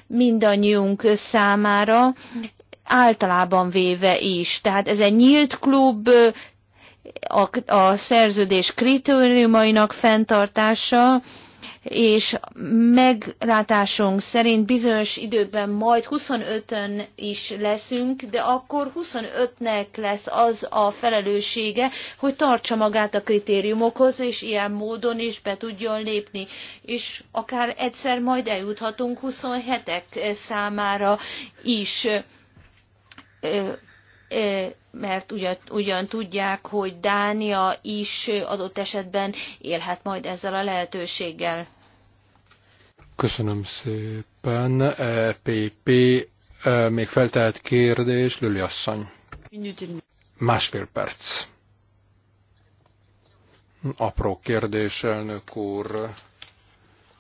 mindannyiunk számára, általában véve is. Tehát ez egy nyílt klub, a, a szerződés kritériumainak fenntartása, és meglátásunk szerint bizonyos időben majd 25-ön is leszünk, de akkor 25-nek lesz az a felelőssége, hogy tartsa magát a kritériumokhoz, és ilyen módon is be tudjon lépni. És akár egyszer majd eljuthatunk 27-ek számára is mert ugyan, ugyan tudják, hogy Dánia is adott esetben élhet majd ezzel a lehetőséggel.
Köszönöm szépen. PP e e, még feltehet kérdés, Lüli asszony. Másfél perc. Apró kérdés, elnök úr.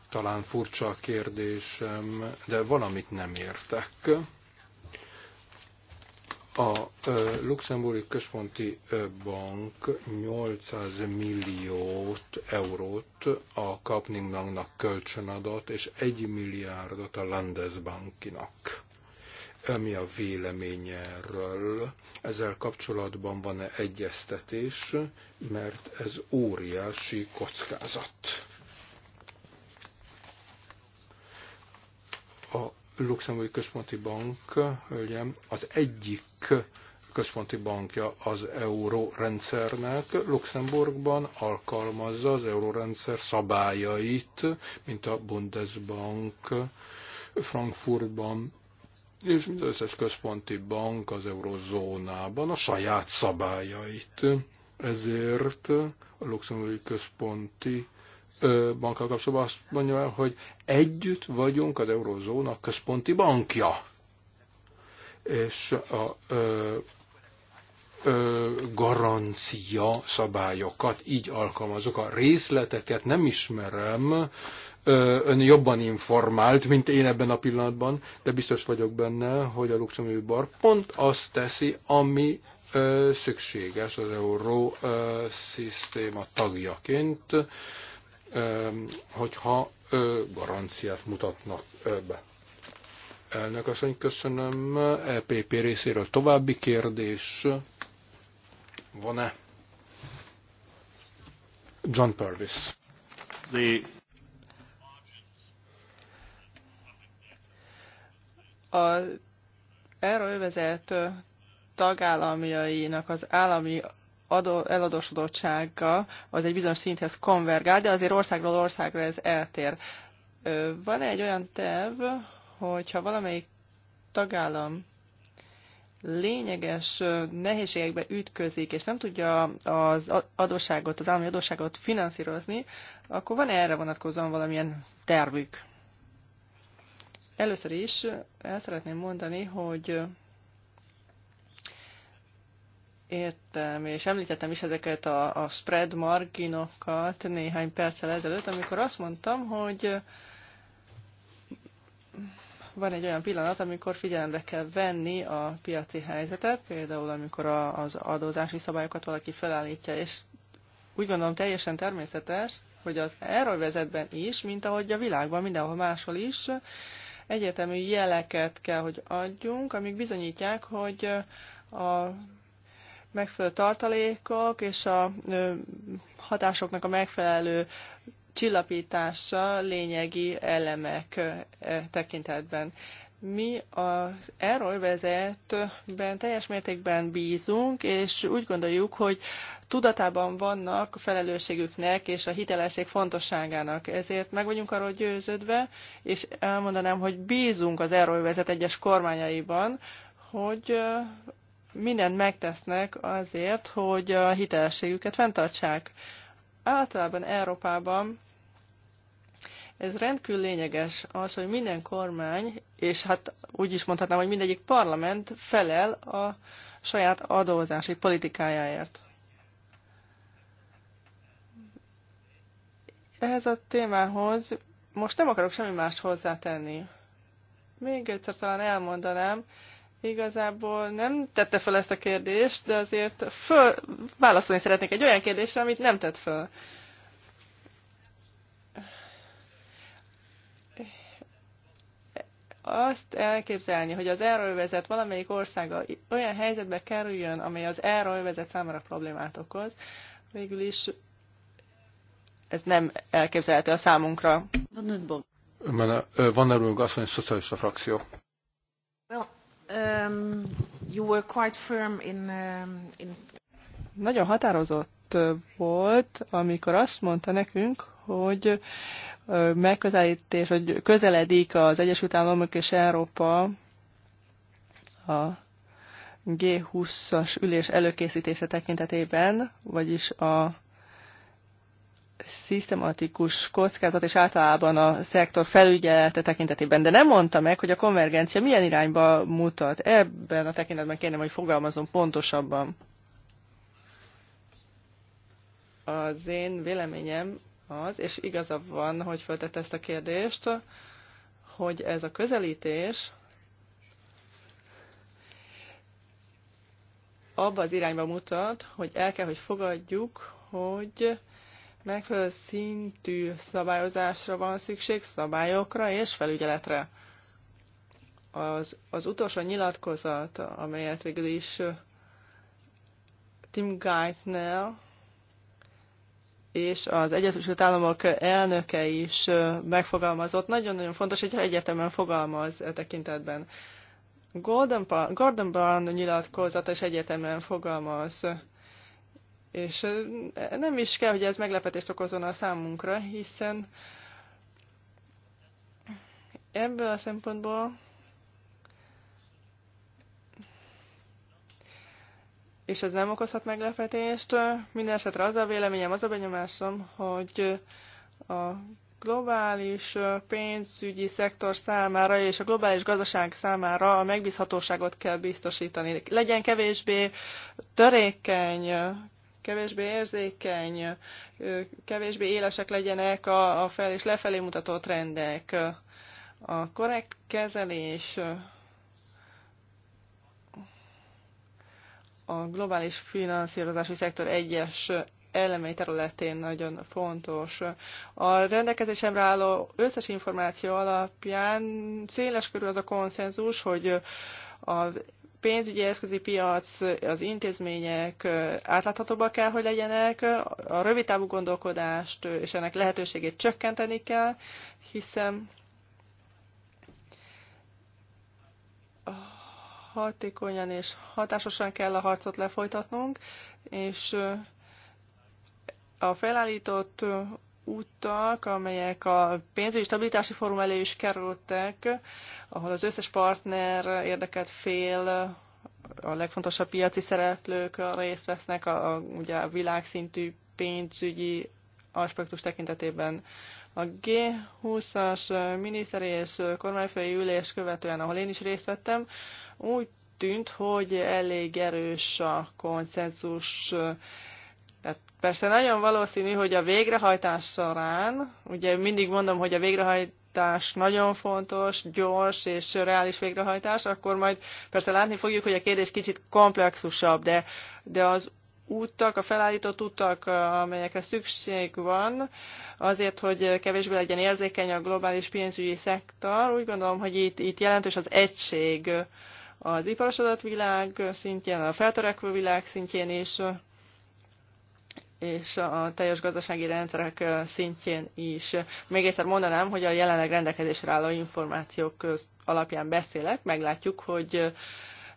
Talán furcsa a kérdésem, de valamit nem értek. A Luxemburgi Központi Bank 800 milliót eurót a Kapningnak kölcsönadott, és 1 milliárdot a Landesbankinak mi a véleménye erről. Ezzel kapcsolatban van-e egyeztetés, mert ez óriási kockázat. Luxemburgi Központi Bank, hölgyem, az egyik központi bankja az eurórendszernek. Luxemburgban alkalmazza az eurórendszer szabályait, mint a Bundesbank Frankfurtban, és az összes központi bank az eurozónában a saját szabályait. Ezért a luxemburgi központi bankkal kapcsolatban azt mondja, hogy együtt vagyunk az eurozóna központi bankja. És a ö, ö, garancia szabályokat így alkalmazok. A részleteket nem ismerem, ön jobban informált, mint én ebben a pillanatban, de biztos vagyok benne, hogy a luxemburgi bar pont azt teszi, ami szükséges az euró szisztéma tagjaként hogyha garanciát mutatnak be. Elnök asszony, köszönöm. EPP részéről további kérdés van-e? John Purvis. The...
A erről övezet tagállamjainak az állami adó, eladósodottsága az egy bizonyos szinthez konvergál, de azért országról országra ez eltér. Van -e egy olyan terv, hogyha valamelyik tagállam lényeges nehézségekbe ütközik, és nem tudja az adósságot, az állami adósságot finanszírozni, akkor van -e erre vonatkozóan valamilyen tervük? Először is el szeretném mondani, hogy értem, és említettem is ezeket a, a spread marginokat néhány perccel ezelőtt, amikor azt mondtam, hogy van egy olyan pillanat, amikor figyelembe kell venni a piaci helyzetet, például amikor a, az adózási szabályokat valaki felállítja, és úgy gondolom teljesen természetes, hogy az erővezetben is, mint ahogy a világban mindenhol máshol is, egyértelmű jeleket kell, hogy adjunk, amik bizonyítják, hogy a megfelelő tartalékok és a hatásoknak a megfelelő csillapítása lényegi elemek e tekintetben. Mi az erről vezetben teljes mértékben bízunk, és úgy gondoljuk, hogy tudatában vannak a felelősségüknek és a hitelesség fontosságának. Ezért meg vagyunk arról győződve, és elmondanám, hogy bízunk az erről vezet egyes kormányaiban, hogy mindent megtesznek azért, hogy a hitelességüket fenntartsák. Általában Európában ez rendkívül lényeges az, hogy minden kormány, és hát úgy is mondhatnám, hogy mindegyik parlament felel a saját adózási politikájáért. Ehhez a témához most nem akarok semmi mást hozzátenni. Még egyszer talán elmondanám, igazából nem tette fel ezt a kérdést, de azért föl, válaszolni szeretnék egy olyan kérdésre, amit nem tett fel. Azt elképzelni, hogy az euróvezet valamelyik országa olyan helyzetbe kerüljön, amely az euróvezet számára problémát okoz, végül is ez nem elképzelhető a számunkra.
Van erről, asszony, szocialista frakció.
Well, Um, um,
Nagyon határozott volt, amikor azt mondta nekünk, hogy megközelítés, hogy közeledik az Egyesült Államok és Európa a G20-as ülés előkészítése tekintetében, vagyis a szisztematikus kockázat, és általában a szektor felügyelete tekintetében, de nem mondta meg, hogy a konvergencia milyen irányba mutat. Ebben a tekintetben kérném, hogy fogalmazom pontosabban. Az én véleményem az, és igaza van, hogy föltette ezt a kérdést, hogy ez a közelítés abba az irányba mutat, hogy el kell, hogy fogadjuk, hogy megfelelő szintű szabályozásra van szükség, szabályokra és felügyeletre. Az, az utolsó nyilatkozat, amelyet végül is Tim Geithner és az Egyesült Államok elnöke is megfogalmazott. Nagyon-nagyon fontos, hogyha egyértelműen fogalmaz e tekintetben. Gordon, Gordon Brown nyilatkozata is egyértelműen fogalmaz és nem is kell, hogy ez meglepetést okozon a számunkra, hiszen ebből a szempontból és ez nem okozhat meglepetést. Minden esetre az a véleményem, az a benyomásom, hogy a globális pénzügyi szektor számára és a globális gazdaság számára a megbízhatóságot kell biztosítani. Legyen kevésbé törékeny, kevésbé érzékeny, kevésbé élesek legyenek a, fel és lefelé mutató trendek. A korrekt kezelés a globális finanszírozási szektor egyes elemei területén nagyon fontos. A rendelkezésemre álló összes információ alapján széles körül az a konszenzus, hogy az pénzügyi eszközi piac, az intézmények átláthatóbbak kell, hogy legyenek, a rövidtávú gondolkodást és ennek lehetőségét csökkenteni kell, hiszen hatékonyan és hatásosan kell a harcot lefolytatnunk, és a felállított utak, amelyek a pénzügyi stabilitási fórum elé is kerültek, ahol az összes partner érdekelt fél a legfontosabb piaci szereplők részt vesznek a, a, ugye a világszintű pénzügyi aspektus tekintetében. A G20-as miniszteri és kormányfői ülés követően, ahol én is részt vettem, úgy tűnt, hogy elég erős a konszenzus tehát persze nagyon valószínű, hogy a végrehajtás során, ugye mindig mondom, hogy a végrehajtás nagyon fontos, gyors és reális végrehajtás, akkor majd persze látni fogjuk, hogy a kérdés kicsit komplexusabb, de, de az úttak, a felállított utak, amelyekre szükség van, azért, hogy kevésbé legyen érzékeny a globális pénzügyi szektor. Úgy gondolom, hogy itt, itt jelentős az egység az iparosodott világ szintjén, a feltörekvő világ szintjén is, és a teljes gazdasági rendszerek szintjén is. Még egyszer mondanám, hogy a jelenleg rendelkezésre álló információk alapján beszélek, meglátjuk, hogy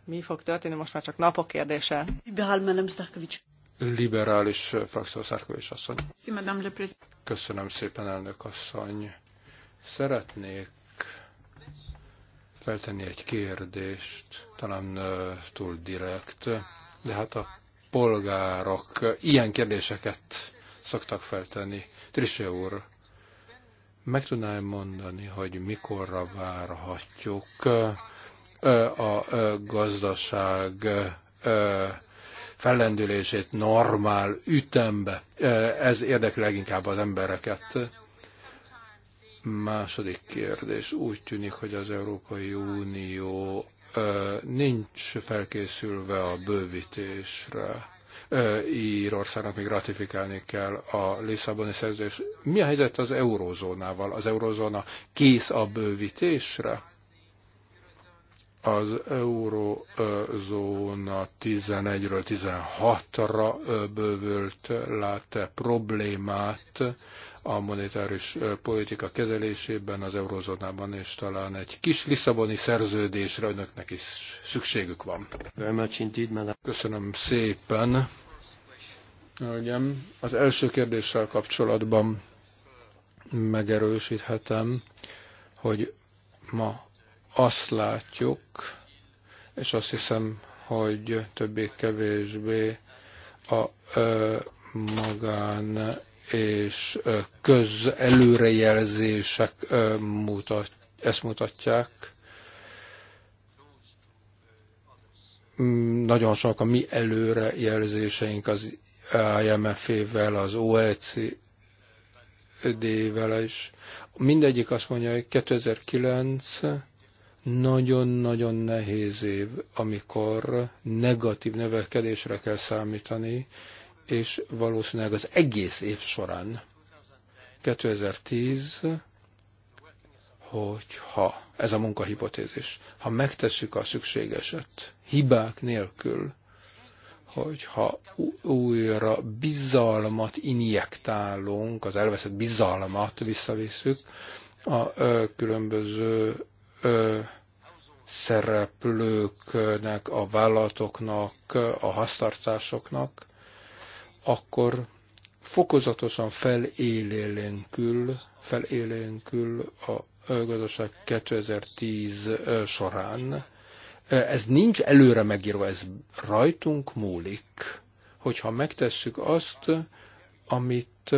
mi fog történni, most már csak napok kérdése.
Liberális frakció Szárkovics asszony. Köszönöm szépen, elnök asszony. Szeretnék feltenni egy kérdést, talán túl direkt, de hát a polgárok ilyen kérdéseket szoktak feltenni. Trisha úr, meg tudnám mondani, hogy mikorra várhatjuk a gazdaság fellendülését normál ütembe. Ez érdekli leginkább az embereket. Második kérdés. Úgy tűnik, hogy az Európai Unió nincs felkészülve a bővítésre. Írországnak még ratifikálni kell a Lisszaboni szerződés. Mi a helyzet az eurozónával? Az eurozóna kész a bővítésre? Az eurozóna 11-ről 16-ra bővült, lát -e problémát a monetáris politika kezelésében az eurozónában, és talán egy kis Lisszaboni szerződésre önöknek is szükségük van. Köszönöm szépen. Hölgyem, az első kérdéssel kapcsolatban megerősíthetem, hogy ma azt látjuk, és azt hiszem, hogy többé-kevésbé a ö, magán és közelőrejelzések mutat, ezt mutatják. Mm, nagyon sok a mi előrejelzéseink az IMF-ével, az OECD-vel is. Mindegyik azt mondja, hogy 2009 nagyon-nagyon nehéz év, amikor negatív növekedésre kell számítani, és valószínűleg az egész év során 2010, hogyha ez a munkahipotézis, ha megtesszük a szükségeset hibák nélkül, hogyha újra bizalmat injektálunk, az elveszett bizalmat visszavisszük a ö, különböző ö, szereplőknek, a vállalatoknak, a hasztartásoknak akkor fokozatosan felélénkül, felélénkül a gazdaság 2010 során. Ez nincs előre megírva, ez rajtunk múlik, hogyha megtesszük azt, amit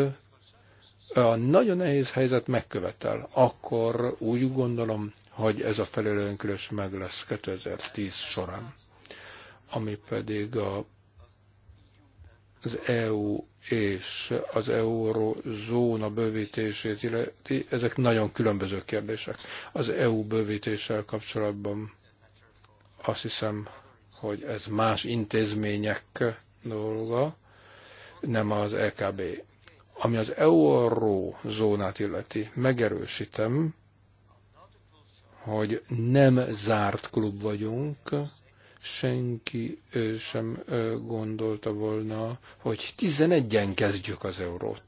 a nagyon nehéz helyzet megkövetel, akkor úgy gondolom, hogy ez a felelőnkülös meg lesz 2010 során. Ami pedig a az EU és az eurozóna bővítését illeti, ezek nagyon különböző kérdések. Az EU bővítéssel kapcsolatban azt hiszem, hogy ez más intézmények dolga, nem az LKB. E Ami az eurózónát illeti, megerősítem, hogy nem zárt klub vagyunk, senki sem gondolta volna, hogy 11-en kezdjük az eurót.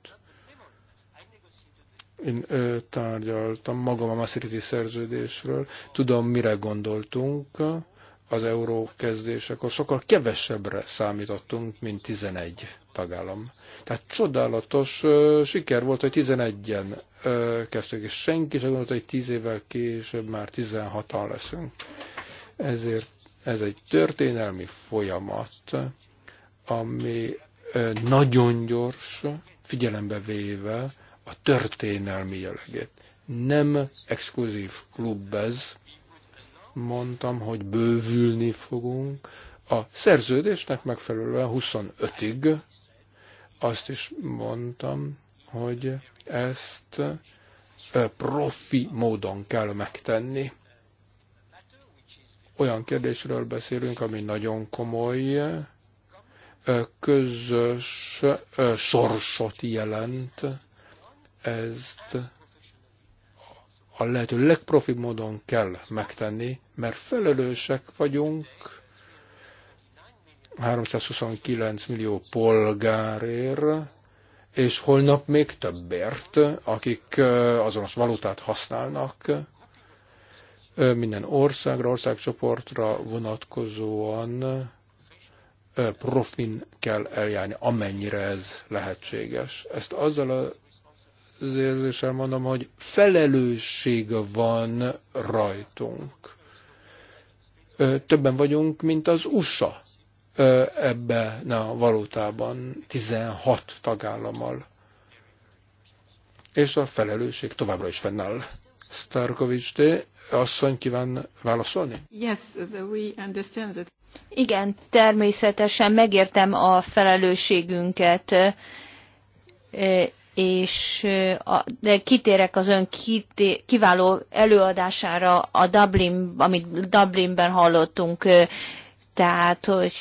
Én tárgyaltam magam a Maastrichti szerződésről, tudom, mire gondoltunk az euró kezdésekor, sokkal kevesebbre számítottunk, mint 11 tagállam. Tehát csodálatos siker volt, hogy 11-en kezdtük, és senki sem gondolta, hogy 10 évvel később már 16-an leszünk. Ezért ez egy történelmi folyamat, ami nagyon gyors, figyelembe véve a történelmi jellegét. Nem exkluzív klub ez, mondtam, hogy bővülni fogunk. A szerződésnek megfelelően 25-ig azt is mondtam, hogy ezt profi módon kell megtenni olyan kérdésről beszélünk, ami nagyon komoly, közös sorsot jelent. Ezt a lehető legprofibb módon kell megtenni, mert felelősek vagyunk 329 millió polgárért, és holnap még többért, akik azonos valutát használnak, minden országra, országcsoportra vonatkozóan profin kell eljárni, amennyire ez lehetséges. Ezt azzal az érzéssel mondom, hogy felelősség van rajtunk. Többen vagyunk, mint az USA ebben a valótában 16 tagállammal. És a felelősség továbbra is fennáll. Starkovics de asszony kíván válaszolni?
Yes, we understand that. Igen, természetesen megértem a felelősségünket, és a, de kitérek az ön kité, kiváló előadására a Dublin, amit Dublinben hallottunk, tehát, hogy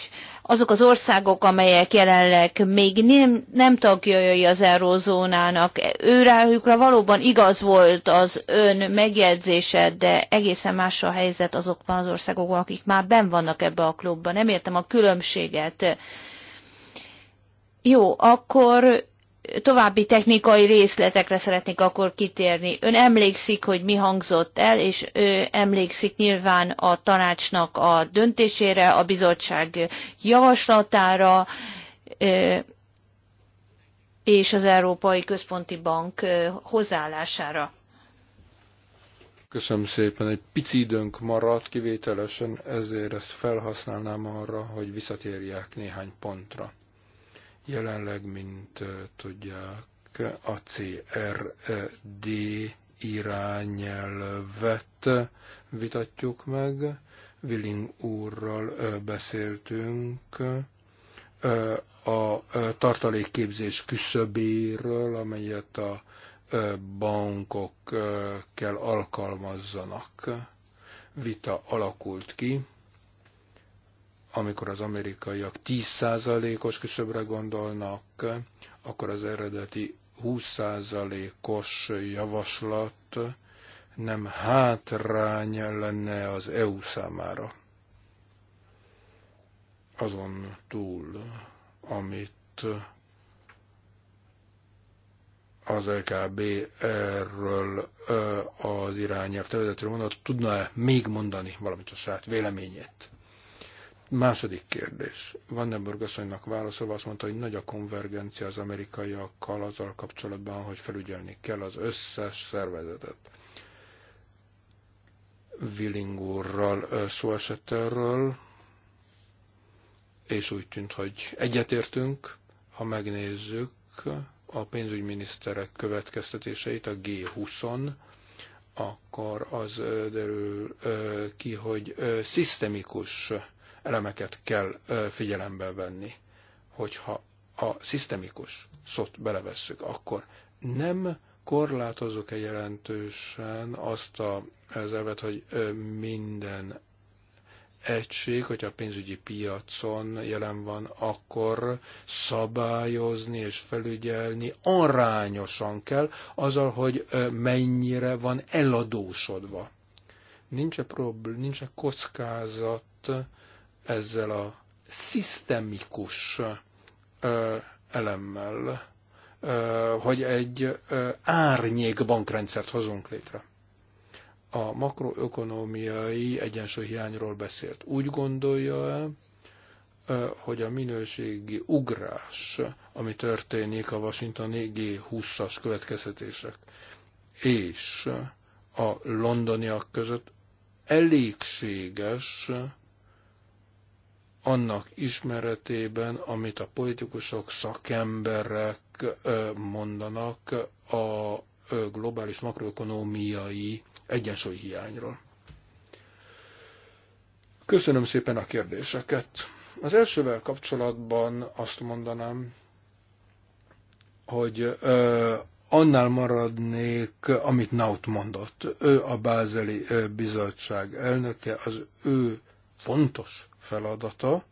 azok az országok, amelyek jelenleg még nem, nem tagjai az eurozónának, őrájukra valóban igaz volt az ön megjegyzése, de egészen más a helyzet azokban az országokban, akik már ben vannak ebbe a klubban. Nem értem a különbséget. Jó, akkor további technikai részletekre szeretnék akkor kitérni. Ön emlékszik, hogy mi hangzott el, és ő emlékszik nyilván a tanácsnak a döntésére, a bizottság javaslatára, és az Európai Központi Bank hozzáállására.
Köszönöm szépen, egy pici időnk maradt kivételesen, ezért ezt felhasználnám arra, hogy visszatérjek néhány pontra Jelenleg, mint tudják, a CRD irányelvet vitatjuk meg. Willing úrral beszéltünk a tartalékképzés küszöbéről, amelyet a bankok kell alkalmazzanak. Vita alakult ki amikor az amerikaiak 10%-os küszöbre gondolnak, akkor az eredeti 20%-os javaslat nem hátrány lenne az EU számára. Azon túl, amit az LKB erről az irányelv területről mondott, tudna -e még mondani valamit a saját véleményét? Második kérdés. Vandenburg asszonynak válaszolva azt mondta, hogy nagy a konvergencia az amerikaiakkal azzal kapcsolatban, hogy felügyelni kell az összes szervezetet. Willing úrral szó esett erről, és úgy tűnt, hogy egyetértünk, ha megnézzük a pénzügyminiszterek következtetéseit a G20-on, akkor az derül ki, hogy szisztemikus elemeket kell figyelembe venni. Hogyha a szisztemikus szót belevesszük, akkor nem korlátozok-e jelentősen azt a, az elvet, hogy minden egység, hogyha a pénzügyi piacon jelen van, akkor szabályozni és felügyelni arányosan kell azzal, hogy mennyire van eladósodva. Nincs-e, prób- nincs-e kockázat ezzel a szisztemikus elemmel, hogy egy árnyék bankrendszert hozunk létre. A makroökonomiai hiányról beszélt. Úgy gondolja -e, hogy a minőségi ugrás, ami történik a washingtoni G20-as következtetések, és a londoniak között elégséges annak ismeretében, amit a politikusok, szakemberek mondanak a globális makroökonómiai hiányról. Köszönöm szépen a kérdéseket. Az elsővel kapcsolatban azt mondanám, hogy ö, annál maradnék, amit Naut mondott. Ő a Bázeli Bizottság elnöke, az ő fontos feladata,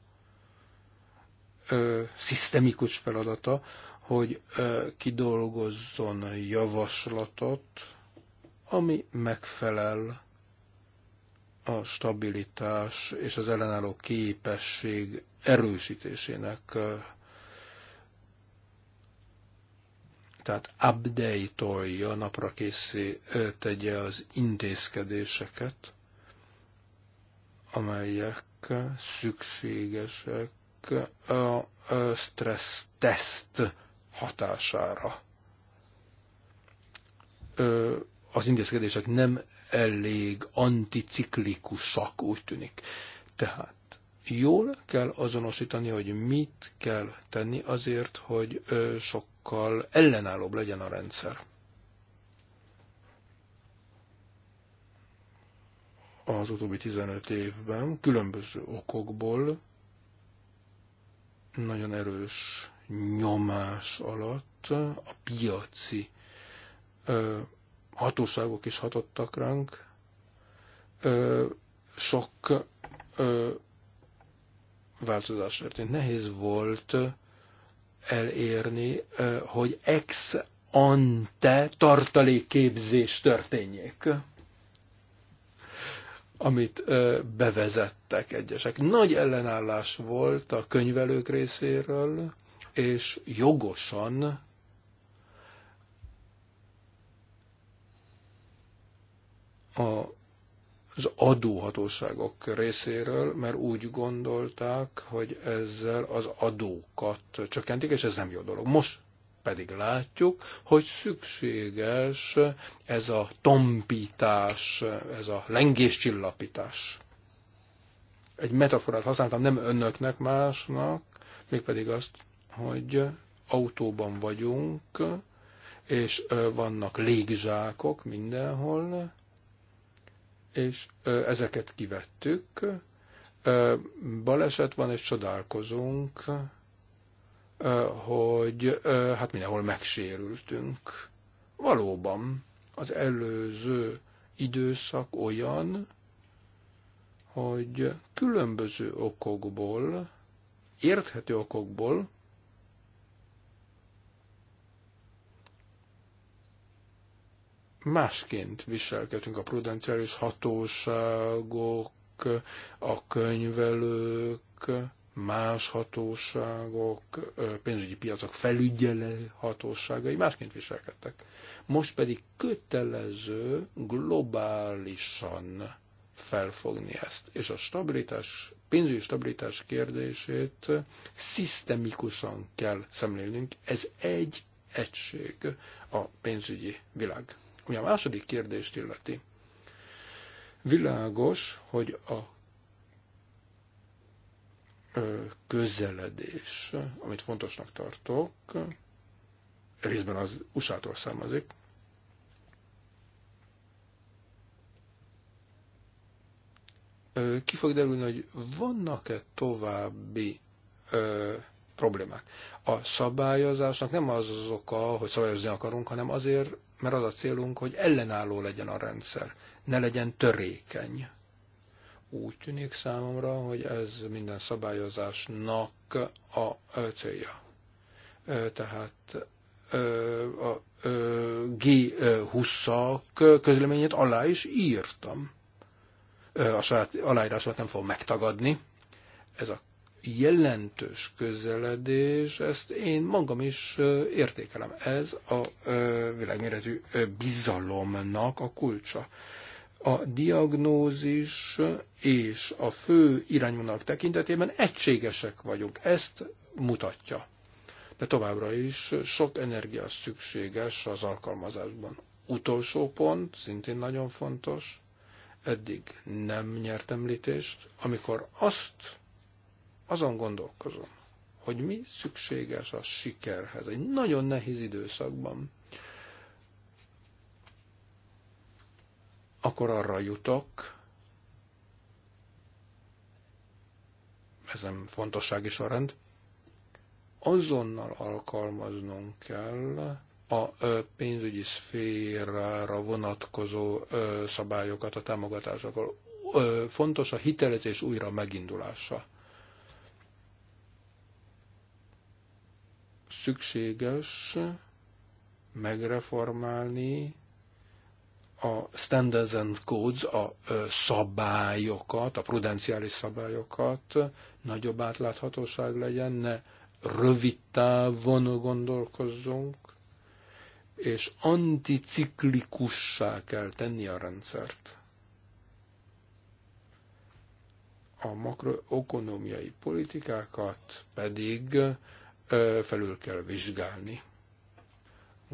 ö, szisztemikus feladata, hogy ö, kidolgozzon javaslatot, ami megfelel a stabilitás és az ellenálló képesség erősítésének. Tehát update-olja, napra készé tegye az intézkedéseket, amelyek szükségesek a stressz teszt hatására. Az intézkedések nem elég anticiklikusak, úgy tűnik. Tehát jól kell azonosítani, hogy mit kell tenni azért, hogy sokkal ellenállóbb legyen a rendszer. az utóbbi 15 évben különböző okokból nagyon erős nyomás alatt a piaci ö, hatóságok is hatottak ránk. Ö, sok ö, változás történt. Nehéz volt elérni, ö, hogy ex ante tartalékképzés történjék amit bevezettek egyesek. Nagy ellenállás volt a könyvelők részéről, és jogosan a az adóhatóságok részéről, mert úgy gondolták, hogy ezzel az adókat csökkentik, és ez nem jó dolog. Most pedig látjuk, hogy szükséges ez a tompítás, ez a lengéscsillapítás. Egy metaforát használtam nem önöknek, másnak, mégpedig azt, hogy autóban vagyunk, és vannak légzsákok mindenhol, és ezeket kivettük, baleset van, és csodálkozunk, hogy hát mindenhol megsérültünk. Valóban az előző időszak olyan, hogy különböző okokból, érthető okokból másként viselkedünk a prudenciális hatóságok, a könyvelők, más hatóságok, pénzügyi piacok felügyelő hatóságai másként viselkedtek. Most pedig kötelező globálisan felfogni ezt, és a stabilitás, pénzügyi stabilitás kérdését szisztemikusan kell szemlélnünk. Ez egy egység a pénzügyi világ. Ami a második kérdést illeti, világos, hogy a közeledés, amit fontosnak tartok, részben az USA-tól származik, ki fog derülni, hogy vannak-e további ö, problémák. A szabályozásnak nem az az oka, hogy szabályozni akarunk, hanem azért, mert az a célunk, hogy ellenálló legyen a rendszer, ne legyen törékeny úgy tűnik számomra, hogy ez minden szabályozásnak a célja. Tehát a g 20 közleményét alá is írtam. A saját aláírásomat nem fogom megtagadni. Ez a jelentős közeledés, ezt én magam is értékelem. Ez a világméretű bizalomnak a kulcsa a diagnózis és a fő irányvonalak tekintetében egységesek vagyunk. Ezt mutatja. De továbbra is sok energia szükséges az alkalmazásban. Utolsó pont, szintén nagyon fontos, eddig nem nyert említést, amikor azt azon gondolkozom, hogy mi szükséges a sikerhez egy nagyon nehéz időszakban, akkor arra jutok, ezen fontossági sorrend, azonnal alkalmaznunk kell a pénzügyi szférára vonatkozó szabályokat a támogatásokkal. Fontos a hitelezés újra megindulása. Szükséges megreformálni a standards and codes, a szabályokat, a prudenciális szabályokat nagyobb átláthatóság legyen, ne rövid távon gondolkozzunk, és anticiklikussá kell tenni a rendszert. A makroökonomiai politikákat pedig felül kell vizsgálni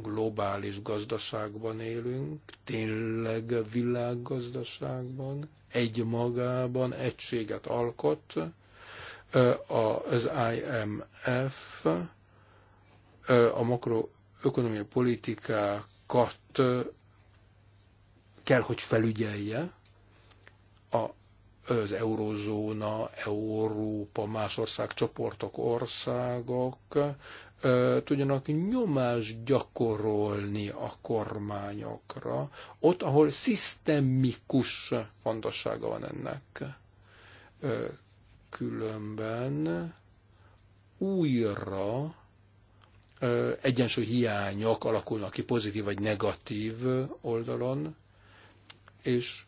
globális gazdaságban élünk, tényleg világgazdaságban, egy magában egységet alkot az IMF, a makroökonomiai politikákat kell, hogy felügyelje a az eurozóna, Európa, más ország csoportok országok tudjanak nyomást gyakorolni a kormányokra, ott, ahol szisztemikus fontossága van ennek. Különben újra egyensúly hiányok alakulnak ki pozitív vagy negatív oldalon, és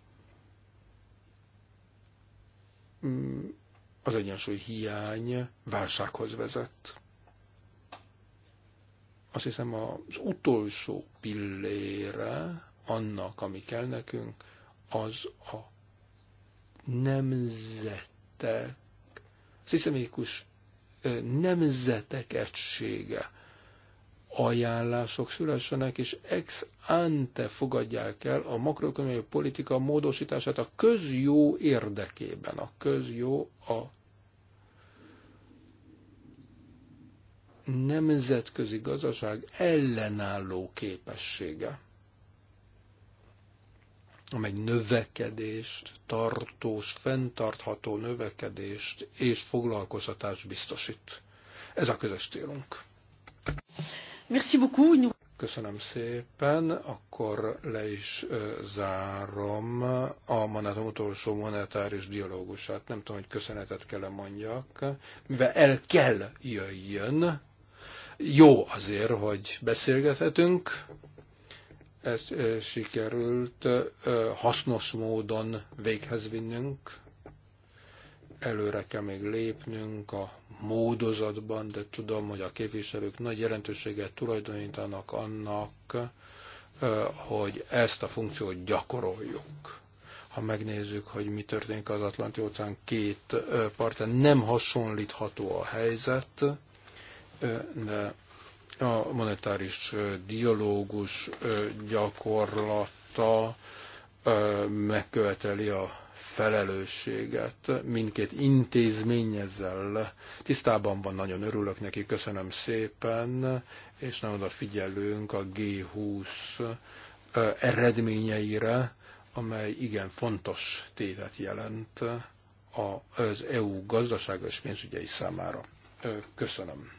mm, az egyensúly hiány válsághoz vezet azt hiszem az utolsó pillére annak, ami kell nekünk, az a nemzetek, sziszemikus nemzetek egysége ajánlások szülessenek, és ex ante fogadják el a makroekonomiai politika módosítását a közjó érdekében, a közjó a nemzetközi gazdaság ellenálló képessége, amely növekedést, tartós, fenntartható növekedést és foglalkoztatást biztosít. Ez a közös célunk.
Merci beaucoup.
Köszönöm szépen, akkor le is zárom a manátom utolsó monetáris dialógusát. Nem tudom, hogy köszönetet kell -e mondjak, mivel el kell jöjjön, jó azért, hogy beszélgethetünk. Ezt sikerült hasznos módon véghez vinnünk. Előre kell még lépnünk a módozatban, de tudom, hogy a képviselők nagy jelentőséget tulajdonítanak annak, hogy ezt a funkciót gyakoroljuk ha megnézzük, hogy mi történik az Atlanti óceán két partján, nem hasonlítható a helyzet, a monetáris dialógus gyakorlata megköveteli a felelősséget. Mindkét intézmény ezzel tisztában van, nagyon örülök neki, köszönöm szépen, és nagyon odafigyelünk a G20 eredményeire, amely igen fontos tétet jelent az EU gazdaságos pénzügyei számára. Köszönöm.